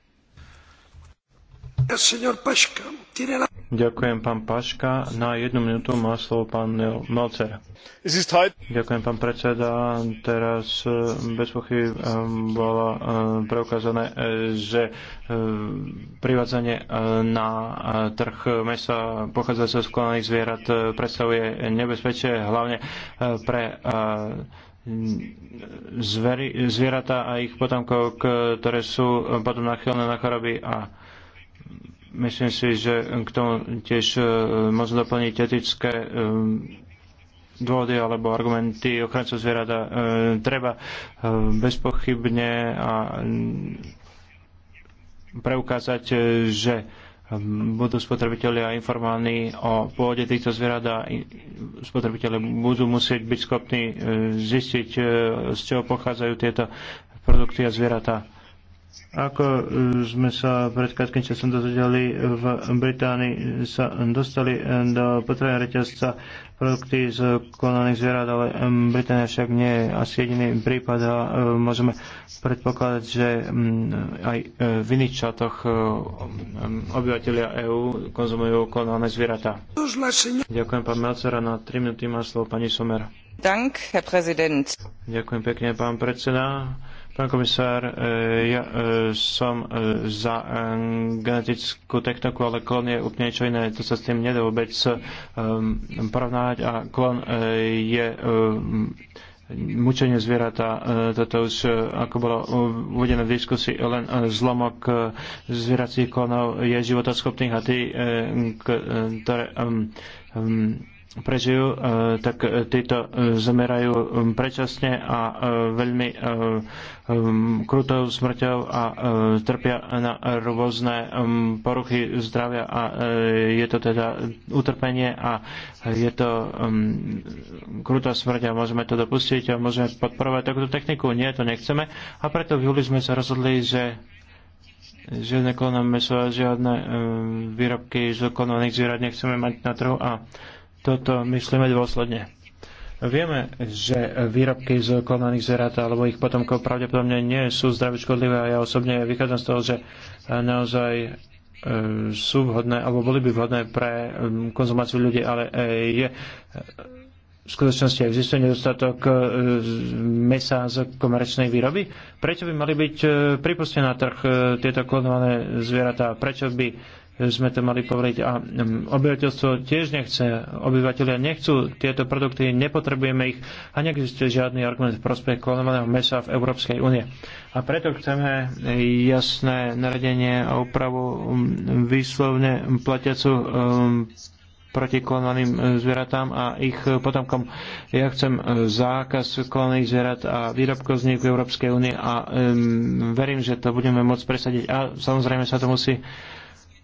Ďakujem, pán Paška. Na jednu minútu má slovo pán Melcer. Ďakujem, pán predseda. Teraz eh, bez pochyby eh, bolo eh, preukázané, že privádzanie na trh mesa pochádza zo sklonaných zvierat predstavuje nebezpečie, hlavne pre zvieratá a ich potomkov, ktoré sú potom nachylné na choroby a Myslím si, že k tomu tiež e, možno doplniť etické e, dôvody alebo argumenty ochrancov zvierata uh, e, treba uh, bezpochybne a mm, preukázať, že budú spotrebitelia informovaní o pôvode týchto zvierat a spotrebitelia budú musieť byť schopní zistiť, z čoho pochádzajú tieto produkty a zvieratá ako e, sme sa pred krátkým časom dozvedeli, v Británii sa dostali e, do potravina reťazca produkty z klonaných zvierat, ale e, Británia však nie je asi jediný prípad a môžeme predpokladať, že aj v iných čatoch obyvateľia EÚ konzumujú klonované zvieratá. Ďakujem pán Melcera na 3 minúty má slovo pani Somer. Dank, Ďakujem pekne, pán predseda. Pán komisár, e, ja e, som e, za genetickú techniku, ale klon je úplne niečo iné. To sa s tým nedá vôbec porovnávať a klon je mučenie zvieratá, toto už ako bolo uvedené v diskusii, len zlomok zvieracích klonov je životoschopných a tí, ktoré prežijú, e, tak e, títo e, zamerajú um, prečasne a veľmi um, krutou smrťou a trpia na rôzne um, poruchy zdravia a je to teda utrpenie a je to krutá smrť a môžeme to dopustiť a môžeme podporovať takúto techniku. Nie, to nechceme a preto v júli sme sa rozhodli, že žiadne klonové meso a žiadne výrobky z klonovaných zvierat nechceme mať na trhu a toto myslíme dôsledne. Vieme, že výrobky z klonaných zvierat alebo ich potomkov pravdepodobne nie sú zdraví škodlivé a ja osobne vychádzam z toho, že naozaj e, sú vhodné alebo boli by vhodné pre konzumáciu ľudí, ale e, je e, v skutočnosti existuje nedostatok mesa z komerčnej výroby. Prečo by mali byť pripustené na trh tieto klonované zvieratá? Prečo by sme to mali povrieť. A mm, obyvateľstvo tiež nechce, obyvateľia nechcú tieto produkty, nepotrebujeme ich a neexistuje žiadny argument v prospech klonovaného mesa v Európskej únie. A preto chceme jasné naredenie a úpravu mm, výslovne platiacu mm, proti klonovaným zvieratám a ich potomkom. Ja chcem zákaz klonovaných zvierat a výrobkov z nich v Európskej únie a um, verím, že to budeme môcť presadiť. A samozrejme sa to musí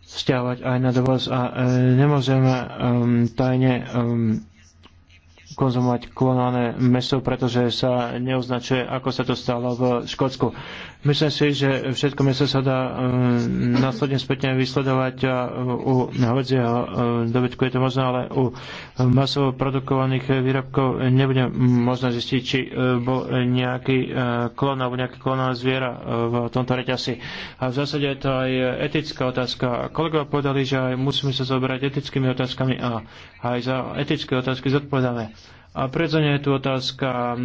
vzťahovať aj na dovoz a e, nemôžeme e, tajne e, konzumovať klonované meso, pretože sa neoznačuje, ako sa to stalo v Škótsku. Myslím si, že všetko mi sa dá e, následne spätne vysledovať a u hovedzieho e, dobytku je to možné, ale u masovo produkovaných výrobkov nebude možné zistiť, či e, bol nejaký klon alebo nejaká klonovaná zviera v tomto reťasi. A v zásade je to aj etická otázka. Kolegovia povedali, že aj musíme sa zoberať etickými otázkami a aj za etické otázky zodpovedáme. A predzene je tu otázka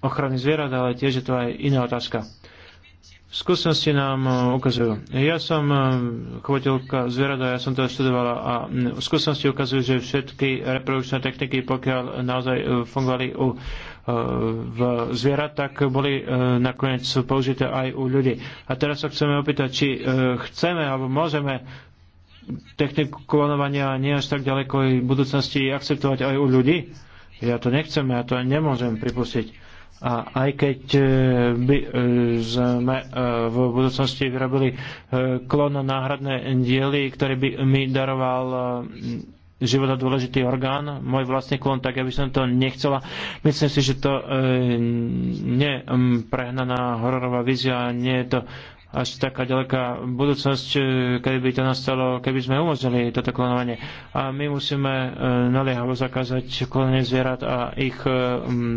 ochrany zvierat, ale tiež je to aj iná otázka skúsenosti nám e, ukazujú. Ja som e, chovateľka zvieratá, ja som to študovala a skúsenosti ukazujú, že všetky reprodukčné techniky, pokiaľ naozaj e, fungovali u v zvierat, tak boli nakoniec použité aj u ľudí. A teraz sa chceme opýtať, či chceme alebo môžeme techniku klonovania nie až tak ďaleko v budúcnosti akceptovať aj u ľudí. Ja to nechcem, ja to nemôžem pripustiť. A aj keď by e, e, sme e, v budúcnosti vyrobili klon náhradné diely, ktoré by mi daroval života dôležitý orgán, môj vlastný klon, tak ja by som to nechcela. Myslím si, že to e, nie prehnaná hororová vízia, nie je to až taká ďaleká budúcnosť, e, keby by to nastalo, keby sme umožnili toto klonovanie. A my musíme e, naliehavo zakázať klonovanie zvierat a ich e,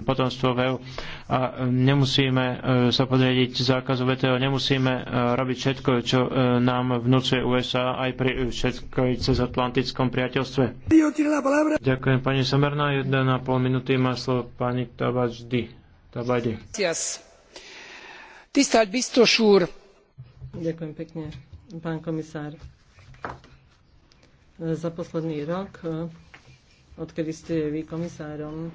potomstvo v EU. A nemusíme sa podriediť zákazu VTO, nemusíme robiť všetko, čo nám vnúcuje USA aj pri všetkoj atlantickom priateľstve. Ďakujem pani Samerná, jedna na pol minúty má slovo pani Tabačdy. Tabajdi. Tisztelt biztos úr, Ďakujem pekne, pán komisár. Za posledný rok, odkedy ste vy komisárom,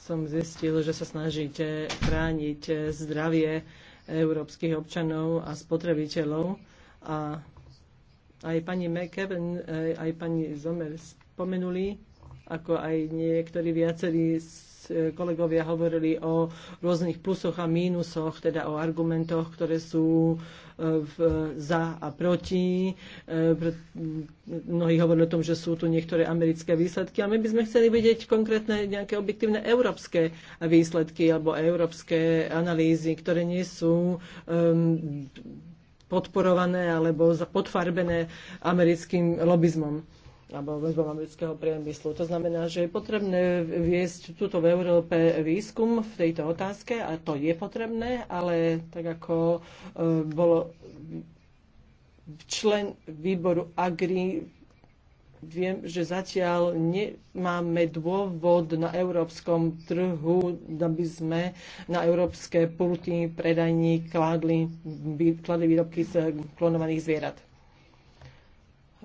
som zistil, že sa snažíte chrániť zdravie európskych občanov a spotrebiteľov. A aj pani Mekev, aj pani Zomer spomenuli, ako aj niektorí viacerí kolegovia hovorili o rôznych plusoch a mínusoch, teda o argumentoch, ktoré sú e, v, za a proti. E, mnohí hovorili o tom, že sú tu niektoré americké výsledky a my by sme chceli vidieť konkrétne nejaké objektívne európske výsledky alebo európske analýzy, ktoré nie sú um, podporované alebo podfarbené americkým lobizmom alebo väzbom amerického priemyslu. To znamená, že je potrebné viesť tuto v Európe výskum v tejto otázke a to je potrebné, ale tak ako e, bolo člen výboru Agri viem, že zatiaľ nemáme dôvod na európskom trhu, aby sme na európske pulty predajní kladli, kladli výrobky z klonovaných zvierat.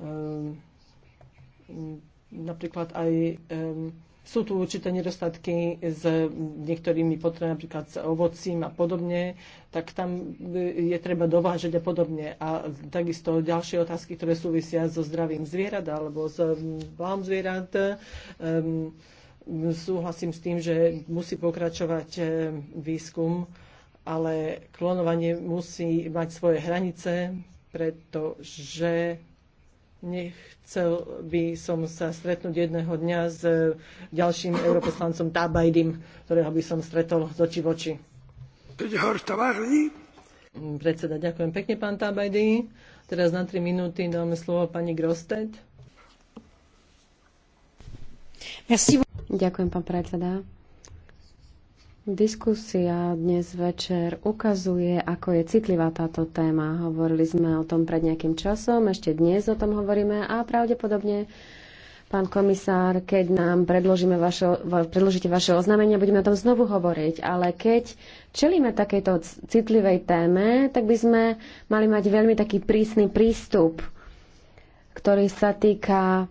Ehm, Mm, napríklad aj um, sú tu určité nedostatky s niektorými potrebami, napríklad s ovocím a podobne, tak tam e, je treba dovážať a podobne. A takisto ďalšie otázky, ktoré súvisia so zdravím zvierat alebo s blahom zvierat. Um, súhlasím s tým, že musí pokračovať e, výskum, ale klonovanie musí mať svoje hranice, pretože Nechcel by som sa stretnúť jedného dňa s ďalším europoslancom Tabajdim, ktorého by som stretol z oči v oči. Predseda, ďakujem pekne, pán Tabajdi. Teraz na 3 minúty dáme slovo pani Grosted. Ďakujem, pán predseda. Diskusia dnes večer ukazuje, ako je citlivá táto téma. Hovorili sme o tom pred nejakým časom, ešte dnes o tom hovoríme a pravdepodobne, pán komisár, keď nám predložíme vaše, predložíte vaše oznámenia, budeme o tom znovu hovoriť. Ale keď čelíme takejto citlivej téme, tak by sme mali mať veľmi taký prísny prístup, ktorý sa týka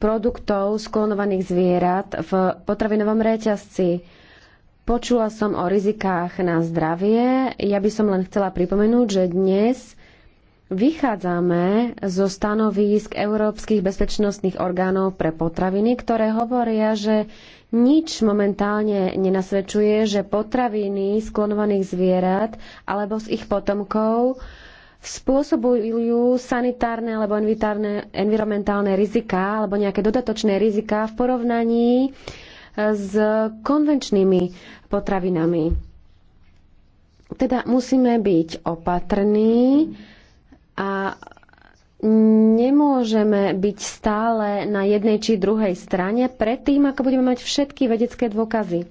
produktov sklonovaných zvierat v potravinovom reťazci Počula som o rizikách na zdravie. Ja by som len chcela pripomenúť, že dnes vychádzame zo stanovísk európskych bezpečnostných orgánov pre potraviny, ktoré hovoria, že nič momentálne nenasvedčuje, že potraviny z klonovaných zvierat alebo z ich potomkov spôsobujú sanitárne alebo environmentálne riziká alebo nejaké dodatočné riziká v porovnaní s konvenčnými potravinami. Teda musíme byť opatrní a nemôžeme byť stále na jednej či druhej strane predtým, ako budeme mať všetky vedecké dôkazy.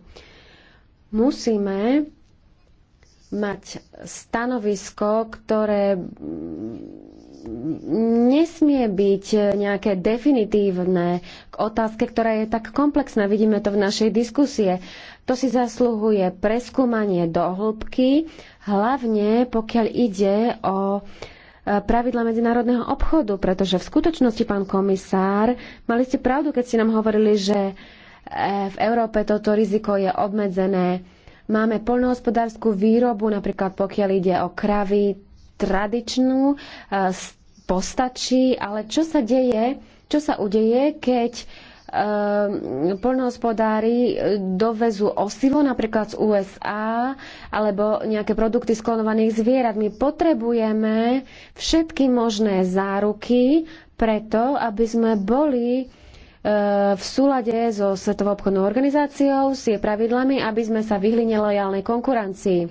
Musíme mať stanovisko, ktoré nesmie byť nejaké definitívne k otázke, ktorá je tak komplexná. Vidíme to v našej diskusie. To si zasluhuje preskúmanie do hĺbky, hlavne pokiaľ ide o e, pravidla medzinárodného obchodu, pretože v skutočnosti, pán komisár, mali ste pravdu, keď ste nám hovorili, že e, v Európe toto riziko je obmedzené. Máme poľnohospodárskú výrobu, napríklad pokiaľ ide o kravy, tradičnú, e, postačí, ale čo sa deje, čo sa udeje, keď e, poľnohospodári e, dovezú osivo napríklad z USA alebo nejaké produkty sklonovaných zvierat. My potrebujeme všetky možné záruky preto, aby sme boli v súlade so Svetovou obchodnou organizáciou, s jej pravidlami, aby sme sa vyhli nelojálnej konkurencii.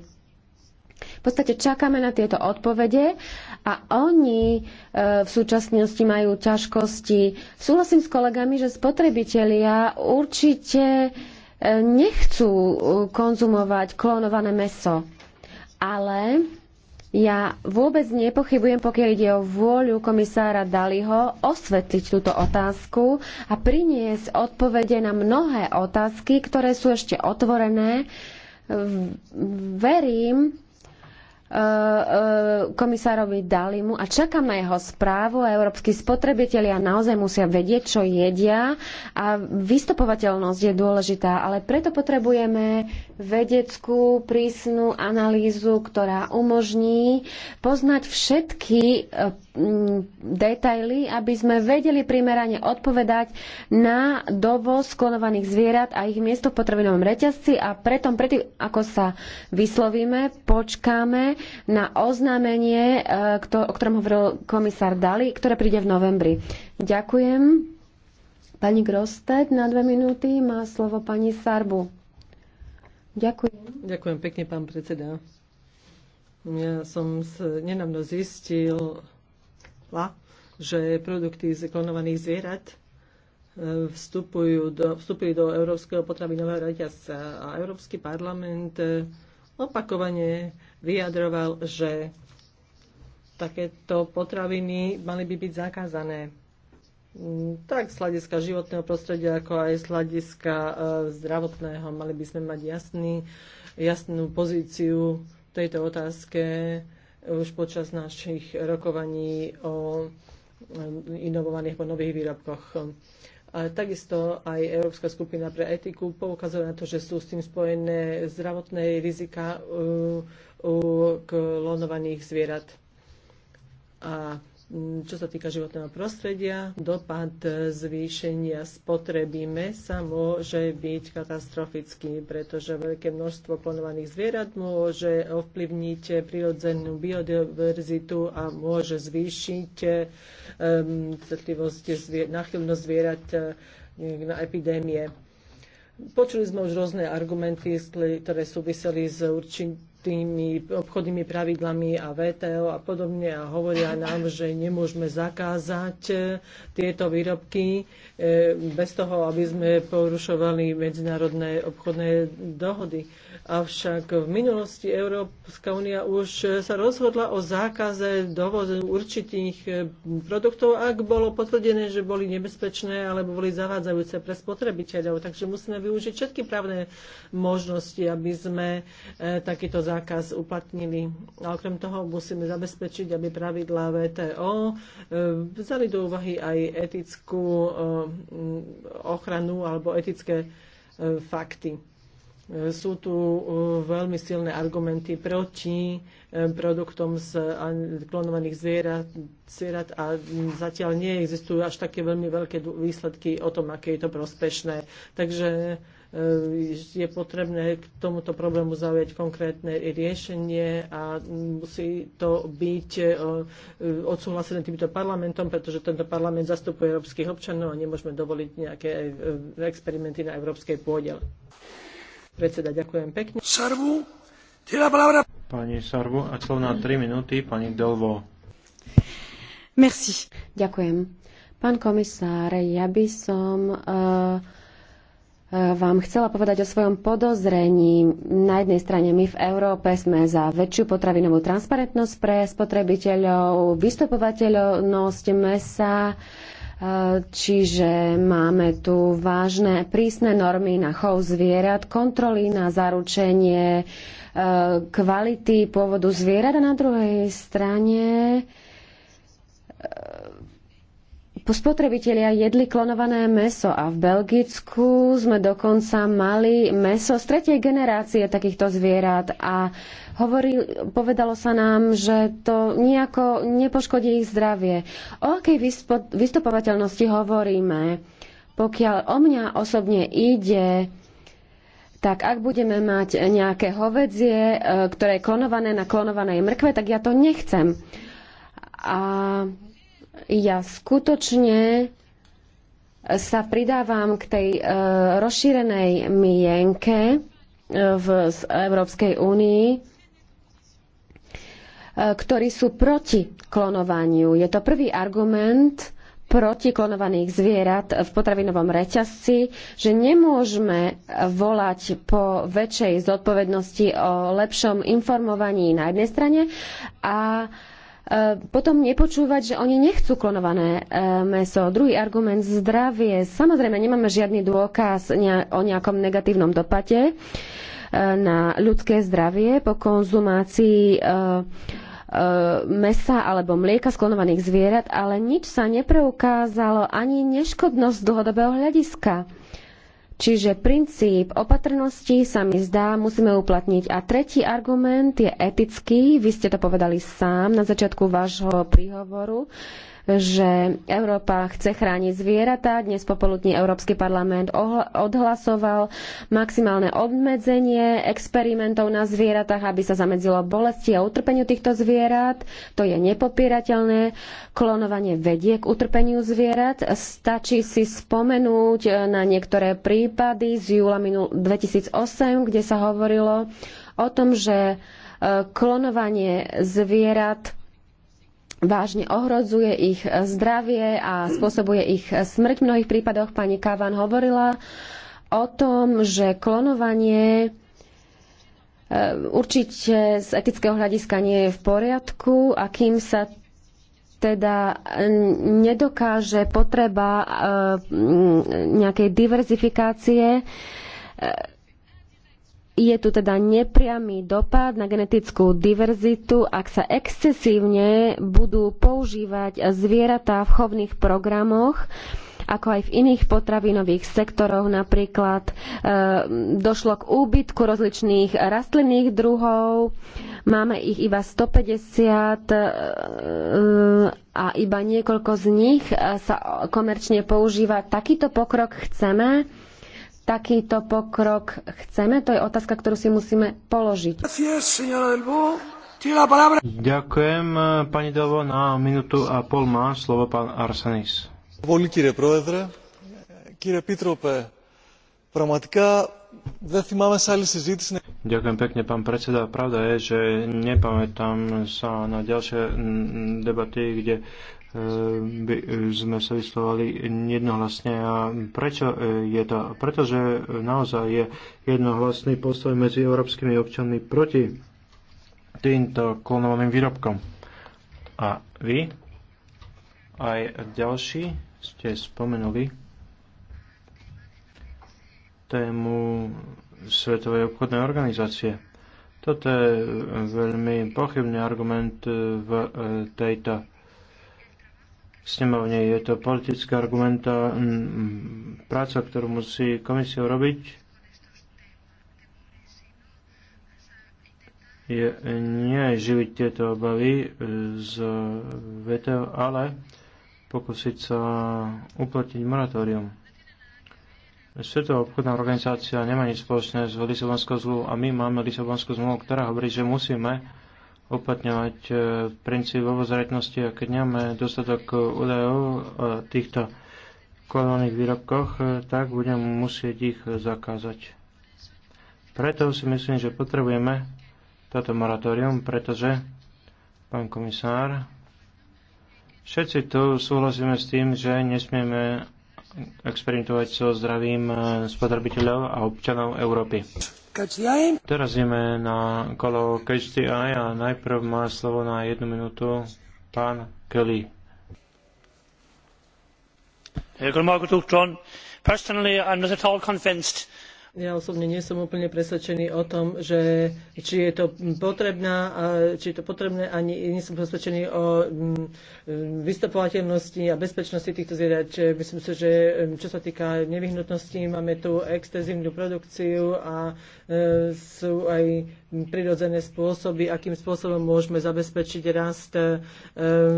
V podstate čakáme na tieto odpovede a oni e, v súčasnosti majú ťažkosti. Súhlasím s kolegami, že spotrebitelia určite e, nechcú e, konzumovať klonované meso. Ale ja vôbec nepochybujem, pokiaľ ide o vôľu komisára Daliho osvetliť túto otázku a priniesť odpovede na mnohé otázky, ktoré sú ešte otvorené. Verím, E, e, komisárovi Dalimu a čakám na jeho správu a európsky spotrebitelia naozaj musia vedieť, čo jedia a vystupovateľnosť je dôležitá, ale preto potrebujeme vedeckú prísnu analýzu, ktorá umožní poznať všetky e, detaily, aby sme vedeli primerane odpovedať na dovoz klonovaných zvierat a ich miesto v potravinovom reťazci a preto, predtým, ako sa vyslovíme, počkáme na oznámenie, e, o ktorom hovoril komisár Dali, ktoré príde v novembri. Ďakujem. Pani Grosted na dve minúty má slovo pani Sarbu. Ďakujem. Ďakujem pekne, pán predseda. Ja som nenávno zistila, že produkty z klonovaných zvierat e, vstupujú do, do Európskeho potravinového reťazca a Európsky parlament e, opakovane vyjadroval, že takéto potraviny mali by byť zakázané. Tak z hľadiska životného prostredia, ako aj z hľadiska e, zdravotného, mali by sme mať jasný, jasnú pozíciu v tejto otázke už počas našich rokovaní o e, inovovaných po nových výrobkoch. A takisto aj Európska skupina pre etiku poukazuje na to, že sú s tým spojené zdravotné rizika e, u klonovaných zvierat. A čo sa týka životného prostredia, dopad zvýšenia spotreby mesa môže byť katastrofický, pretože veľké množstvo klonovaných zvierat môže ovplyvniť prirodzenú biodiverzitu a môže zvýšiť um, citlivosť, náchylnosť zvierat eh, na epidémie. Počuli sme už rôzne argumenty, ktoré súviseli s určitým tými obchodnými pravidlami a VTO a podobne a hovoria nám, že nemôžeme zakázať e, tieto výrobky e, bez toho, aby sme porušovali medzinárodné obchodné dohody. Avšak v minulosti Európska únia už sa rozhodla o zákaze dovozu určitých e, produktov, ak bolo potvrdené, že boli nebezpečné alebo boli zavádzajúce pre spotrebiteľov. Takže musíme využiť všetky právne možnosti, aby sme takýto zákaz zákaz uplatnili. A okrem toho musíme zabezpečiť, aby pravidlá VTO e, vzali do úvahy aj etickú e, ochranu alebo etické e, fakty. Sú tu veľmi silné argumenty proti produktom z klonovaných zvierat, zvierat a zatiaľ neexistujú až také veľmi veľké výsledky o tom, aké je to prospešné. Takže E, je potrebné k tomuto problému zaujať konkrétne riešenie a musí to byť e, odsúhlasené týmto parlamentom, pretože tento parlament zastupuje európskych občanov a nemôžeme dovoliť nejaké e, experimenty na európskej pôde. Predseda, ďakujem pekne. Sarvu, Pani Sarvu, a slov na 3 minúty, pani Delvo. Merci. Ďakujem. Pán komisár, ja by som uh, vám chcela povedať o svojom podozrení. Na jednej strane my v Európe sme za väčšiu potravinovú transparentnosť pre spotrebiteľov, vystupovateľnosť mesa, e, čiže máme tu vážne prísne normy na chov zvierat, kontroly na zaručenie e, kvality pôvodu zvierat a na druhej strane e, spotrebitelia jedli klonované meso a v Belgicku sme dokonca mali meso z tretej generácie takýchto zvierat a hovorí, povedalo sa nám, že to nejako nepoškodí ich zdravie. O akej vystupovateľnosti hovoríme? Pokiaľ o mňa osobne ide, tak ak budeme mať nejaké hovedzie, e, ktoré je klonované na klonovanej mrkve, tak ja to nechcem. A ja skutočne sa pridávam k tej e, rozšírenej mienke e, v Európskej únii, e, ktorí sú proti klonovaniu. Je to prvý argument proti klonovaných zvierat v potravinovom reťazci, že nemôžeme volať po väčšej zodpovednosti o lepšom informovaní na jednej strane a E, potom nepočúvať, že oni nechcú klonované e, meso. Druhý argument, zdravie. Samozrejme, nemáme žiadny dôkaz o nejakom negatívnom dopade e, na ľudské zdravie po konzumácii mesa alebo mlieka sklonovaných zvierat, ale nič sa nepreukázalo ani neškodnosť z dlhodobého hľadiska Čiže princíp opatrnosti sa mi zdá, musíme uplatniť. A tretí argument je etický. Vy ste to povedali sám na začiatku vášho príhovoru že Európa chce chrániť zvieratá. Dnes popoludní Európsky parlament odhlasoval maximálne obmedzenie experimentov na zvieratách, aby sa zamedzilo bolesti a utrpeniu týchto zvierat. To je nepopierateľné. Klonovanie vedie k utrpeniu zvierat. Stačí si spomenúť eh, na niektoré prípady z júla 2008, kde sa hovorilo o tom, že eh, klonovanie zvierat vážne ohrozuje ich zdravie a spôsobuje ich smrť. V mnohých prípadoch pani Kavan hovorila o tom, že klonovanie eh, určite z etického hľadiska nie je v poriadku a kým sa teda eh, nedokáže potreba eh, nejakej diverzifikácie je tu teda nepriamy dopad na genetickú diverzitu, ak sa excesívne budú používať zvieratá v chovných programoch, ako aj v iných potravinových sektoroch napríklad e, došlo k úbytku rozličných rastlinných druhov, máme ich iba 150 e, a iba niekoľko z nich e, sa komerčne používa. Takýto pokrok chceme takýto pokrok chceme? To je otázka, ktorú si musíme položiť. Ďakujem, pani Delvo. Na minútu a pol má slovo pán Arsenis. Πολύ κύριε Πρόεδρε, κύριε Επίτροπε, πραγματικά δεν θυμάμαι σε άλλη Ďakujem pekne, pán predseda. Pravda je, že nepamätám sa na ďalšie debaty, kde by sme sa vyslovali jednohlasne. A prečo je to? Pretože naozaj je jednohlasný postoj medzi európskymi občanmi proti týmto klonovaným výrobkom. A vy aj ďalší ste spomenuli tému Svetovej obchodnej organizácie. Toto je veľmi pochybný argument v tejto snemovne. Je to politická argumenta, práca, ktorú musí komisia robiť. Je, nie živiť tieto obavy e, z VTO, ale pokúsiť sa uplatniť moratórium. Svetová obchodná organizácia nemá nič spoločné s Lisabonskou zmluvou a my máme Lisabonskú zmluvu, ktorá hovorí, že musíme uplatňovať e, princíp obozretnosti a keď nemáme dostatok e, údajov o týchto kolónnych výrobkoch, e, tak budeme musieť ich zakázať. Preto si myslím, že potrebujeme toto moratórium, pretože, pán komisár, všetci tu súhlasíme s tým, že nesmieme experimentovať so zdravím spotrebiteľov a občanov Európy. Teraz ideme na kolo Catch the a najprv má slovo na jednu minútu pán Kelly. Personally, I'm not at all convinced ja osobne nie som úplne presvedčený o tom, že či je to potrebná, či je to potrebné, ani nie som presvedčený o mm, vystupovateľnosti a bezpečnosti týchto zvierat. Myslím si, že mm, čo sa týka nevyhnutnosti, máme tu extenzívnu produkciu a e, sú aj prirodzené spôsoby, akým spôsobom môžeme zabezpečiť rast e,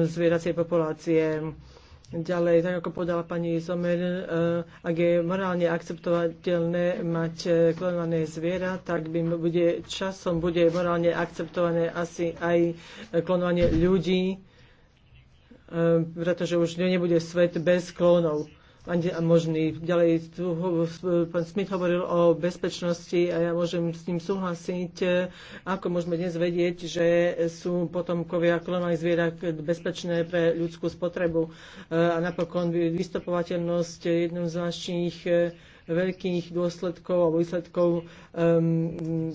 zvieracej populácie Ďalej, tak ako povedala pani Zomer, e, ak je morálne akceptovateľné mať e, klonované zviera, tak by bude, časom bude morálne akceptované asi aj e, klonovanie ľudí, pretože už nebude svet bez klonov a možný. Ďalej tu pán Smith hovoril o bezpečnosti a ja môžem s ním súhlasiť, ako môžeme dnes vedieť, že sú potomkovia klonových zvierat bezpečné pre ľudskú spotrebu. E, a napokon vystupovateľnosť jednou z našich e, veľkých dôsledkov a výsledkov um,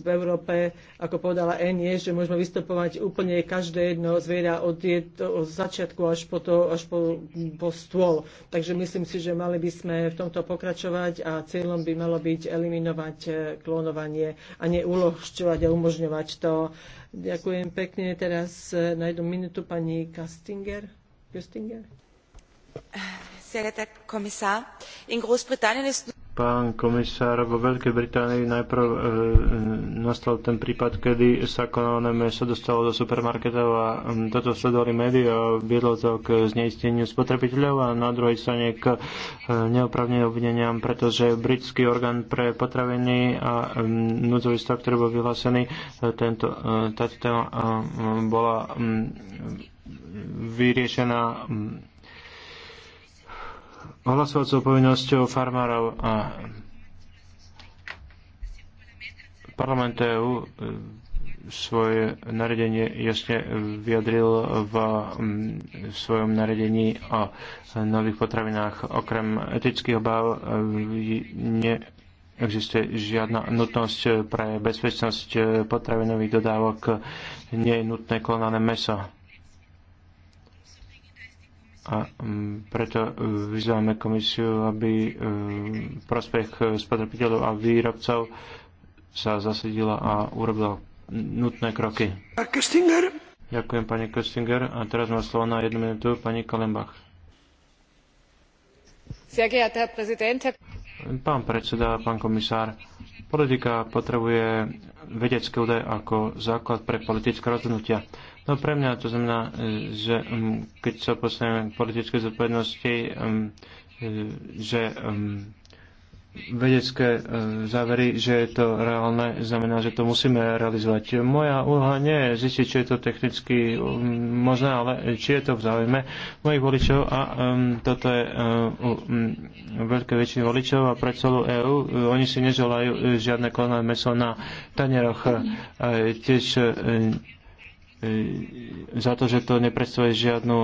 v Európe, ako povedala N, je, že môžeme vystupovať úplne každé jedno zviera od, jedno, od začiatku až po, to, až po, po stôl. Takže myslím si, že mali by sme v tomto pokračovať a cieľom by malo byť eliminovať eh, klonovanie a neuľahčovať a umožňovať to. Ďakujem pekne. Teraz eh, na jednu minútu pani Kastinger. Kastinger. Sehr geehrter Kommissar, in Großbritannien ist pán komisár, vo Veľkej Británii najprv e, nastal ten prípad, kedy sa konálne meso dostalo do supermarketov a e, toto sledovali médiá a viedlo to k zneisteniu spotrebiteľov a na druhej strane k e, neopravným obvineniam, pretože britský orgán pre potraviny a e, núdzový stav, ktorý bol vyhlásený, e, tento, e, táto téma e, bola e, vyriešená e, hlasovacou povinnosťou farmárov a parlament EU e, svoje naredenie jasne vyjadril v svojom naredení o nových potravinách. Okrem etických obáv e, neexistuje žiadna nutnosť pre bezpečnosť e, potravinových dodávok, nie je nutné klonané meso. A mm, preto e, vyzývame komisiu, aby e, prospech spotrebiteľov a výrobcov sa zasadila a urobila nutné kroky. Ďakujem, pani Köstinger. A teraz má slovo na jednu minútu pani Kalembach. Pán predseda, pán komisár, Politika potrebuje vedecké údaje ako základ pre politické rozhodnutia. No pre mňa to znamená, že mm, keď sa postaneme k politickej zodpovednosti, mm, e, že mm, vedecké e, závery, že je to reálne, znamená, že to musíme realizovať. Moja úloha nie je zistiť, či je to technicky um, možné, ale či je to v záujme mojich voličov a um, toto je e, um, veľké väčšiny voličov a pre celú EÚ. Oni si neželajú e, žiadne kloné meso na taneroch. tiež za to, že to nepredstavuje žiadnu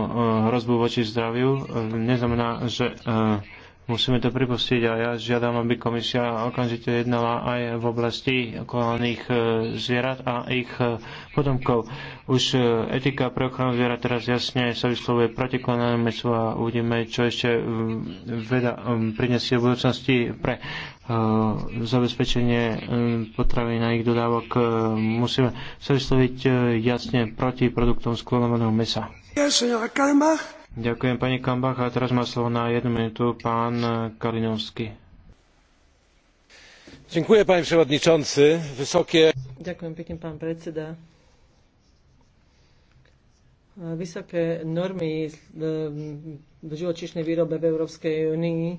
hrozbu voči zdraviu, neznamená, že uh, Musíme to pripustiť a ja žiadam, aby komisia okamžite jednala aj v oblasti klonovaných e, zvierat a ich e, potomkov. Už e, etika pre ochranu zvierat teraz jasne sa vyslovuje proti klonovanému mesu a uvidíme, čo ešte veda prinesie v budúcnosti pre zabezpečenie potravy a ich dodávok. Musíme sa vysloviť jasne proti produktom sklonovaného mesa. Ja, Ďakujem pani Kambach a teraz má slovo na jednu minútu pán Kalinovský. Ďakujem, pán przewodniczący. Wysokie... Ďakujem pekne, pán predseda. Vysoké normy ehm, v živočíšnej výrobe v Európskej únii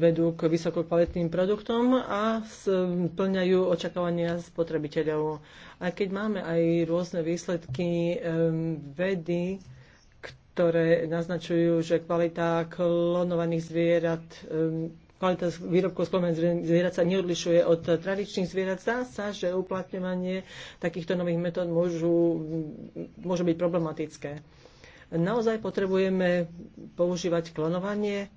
vedú k vysokokvalitným produktom a splňajú očakávania spotrebiteľov. Aj keď máme aj rôzne výsledky ehm, vedy, ktoré naznačujú, že kvalita klonovaných zvierat kvalita výrobkov z zvierat sa neodlišuje od tradičných zvierat. Zdá sa, že uplatňovanie takýchto nových metód môžu, môže byť problematické. Naozaj potrebujeme používať klonovanie,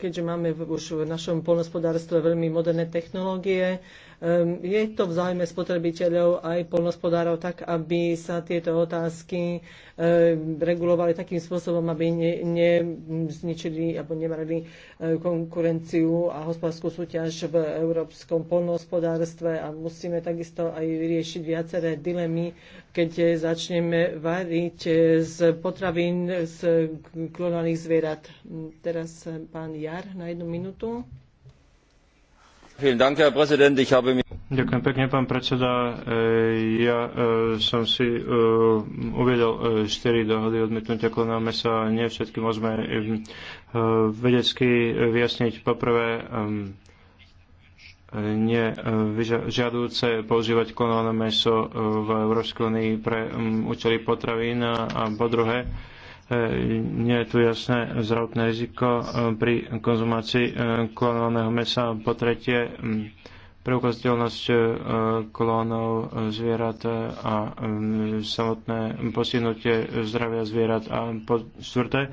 keďže máme už v našom polnospodárstve veľmi moderné technológie, Ehm, je to v záujme spotrebiteľov aj polnospodárov tak, aby sa tieto otázky ehm, regulovali takým spôsobom, aby nezničili ne alebo nemarili ehm, konkurenciu a hospodárskú súťaž v európskom polnohospodárstve a musíme takisto aj riešiť viaceré dilemy, keď začneme variť e, z potravín z klonovaných zvierat. Teraz e, pán Jar na jednu minútu. Ďakujem pekne, pán predseda. E, ja e, som si e, uviedol štyri dohody odmietnutia klonného mesa. Nie všetky môžeme vedecky vyjasniť. Poprvé, nie žiadúce používať klonované meso v Európskej únii pre účely potravín a po druhé, E, nie je tu jasné zdravotné riziko e, pri konzumácii e, klonovaného mesa. Po tretie, preukazateľnosť klonov zvierat a samotné postihnutie zdravia zvierat. A po čtvrté,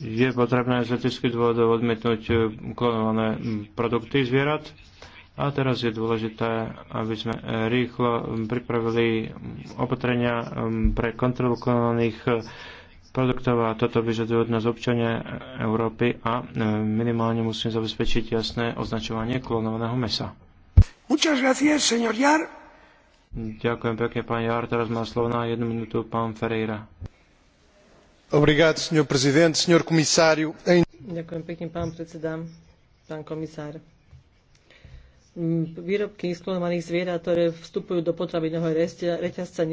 je potrebné z etických dôvodov odmietnúť klonované produkty zvierat a teraz je dôležité, aby sme rýchlo pripravili opatrenia um, pre kontrolu klonovaných uh, produktov a toto vyžadujú od nás občania Európy a um, minimálne musíme zabezpečiť jasné označovanie klonovaného mesa. Muchas gracias, señor Jar. Ďakujem pekne, pán Jar. Teraz má slovo na jednu minútu pán Ferreira. Obrigado, Ďakujem pekne, pán predseda, pán komisár výrobky sklonovaných zvierat, ktoré vstupujú do potravinového reťazca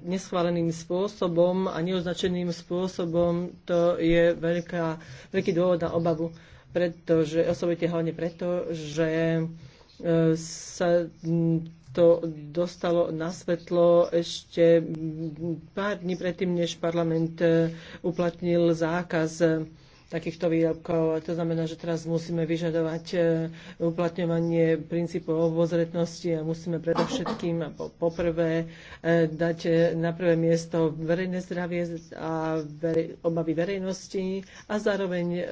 neschváleným spôsobom a neoznačeným spôsobom, to je veľká, veľký dôvod na obavu. Pretože, osobite hlavne preto, že e, sa to dostalo na svetlo ešte pár dní predtým, než parlament e, uplatnil zákaz takýchto výrobkov. To znamená, že teraz musíme vyžadovať e, uplatňovanie princípov obozretnosti a musíme predovšetkým poprvé e, dať e, na prvé miesto verejné zdravie a obavy verejnosti a zároveň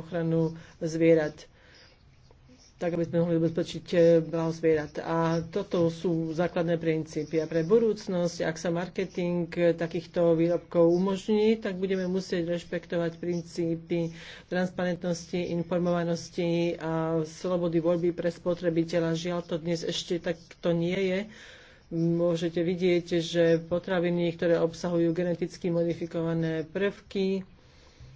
ochranu zvierat tak aby sme mohli ubezpečiť eh, blaho zvierat. A toto sú základné princípy. A pre budúcnosť, ak sa marketing eh, takýchto výrobkov umožní, tak budeme musieť rešpektovať princípy transparentnosti, informovanosti a slobody voľby pre spotrebiteľa. Žiaľ, to dnes ešte takto nie je môžete vidieť, že potraviny, ktoré obsahujú geneticky modifikované prvky,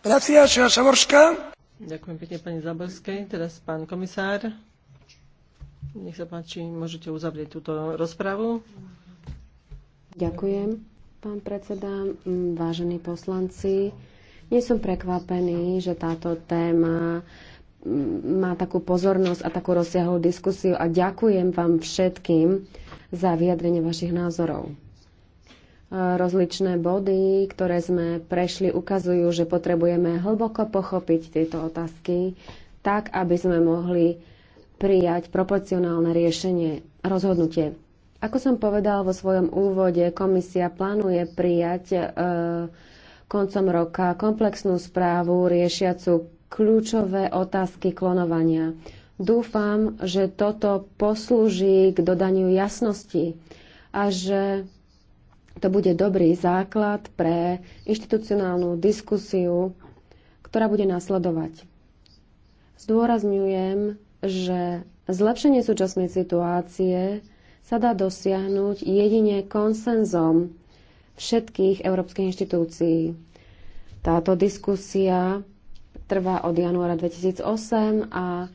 Ďakujem pekne pani Zaborskej. Teraz pán komisár. Nech sa páči, môžete uzavrieť túto rozpravu. Ďakujem, pán predseda, mm, vážení poslanci. Nie som prekvapený, že táto téma mm, má takú pozornosť a takú rozsiahlu diskusiu a ďakujem vám všetkým za vyjadrenie vašich názorov rozličné body, ktoré sme prešli, ukazujú, že potrebujeme hlboko pochopiť tieto otázky, tak aby sme mohli prijať proporcionálne riešenie, rozhodnutie. Ako som povedal vo svojom úvode, komisia plánuje prijať e, koncom roka komplexnú správu riešiacu kľúčové otázky klonovania. Dúfam, že toto poslúži k dodaniu jasnosti a že to bude dobrý základ pre inštitucionálnu diskusiu, ktorá bude následovať. Zdôrazňujem, že zlepšenie súčasnej situácie sa dá dosiahnuť jedine konsenzom všetkých európskych inštitúcií. Táto diskusia trvá od januára 2008 a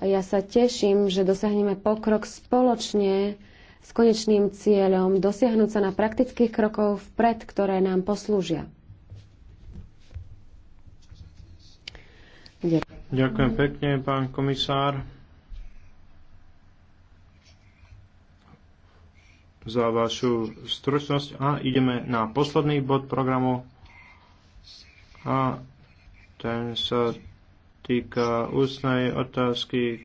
ja sa teším, že dosiahneme pokrok spoločne s konečným cieľom dosiahnuť sa na praktických krokov vpred, ktoré nám poslúžia. Ďakujem. Ďakujem pekne, pán komisár, za vašu stručnosť. A ideme na posledný bod programu. A ten sa týka ústnej otázky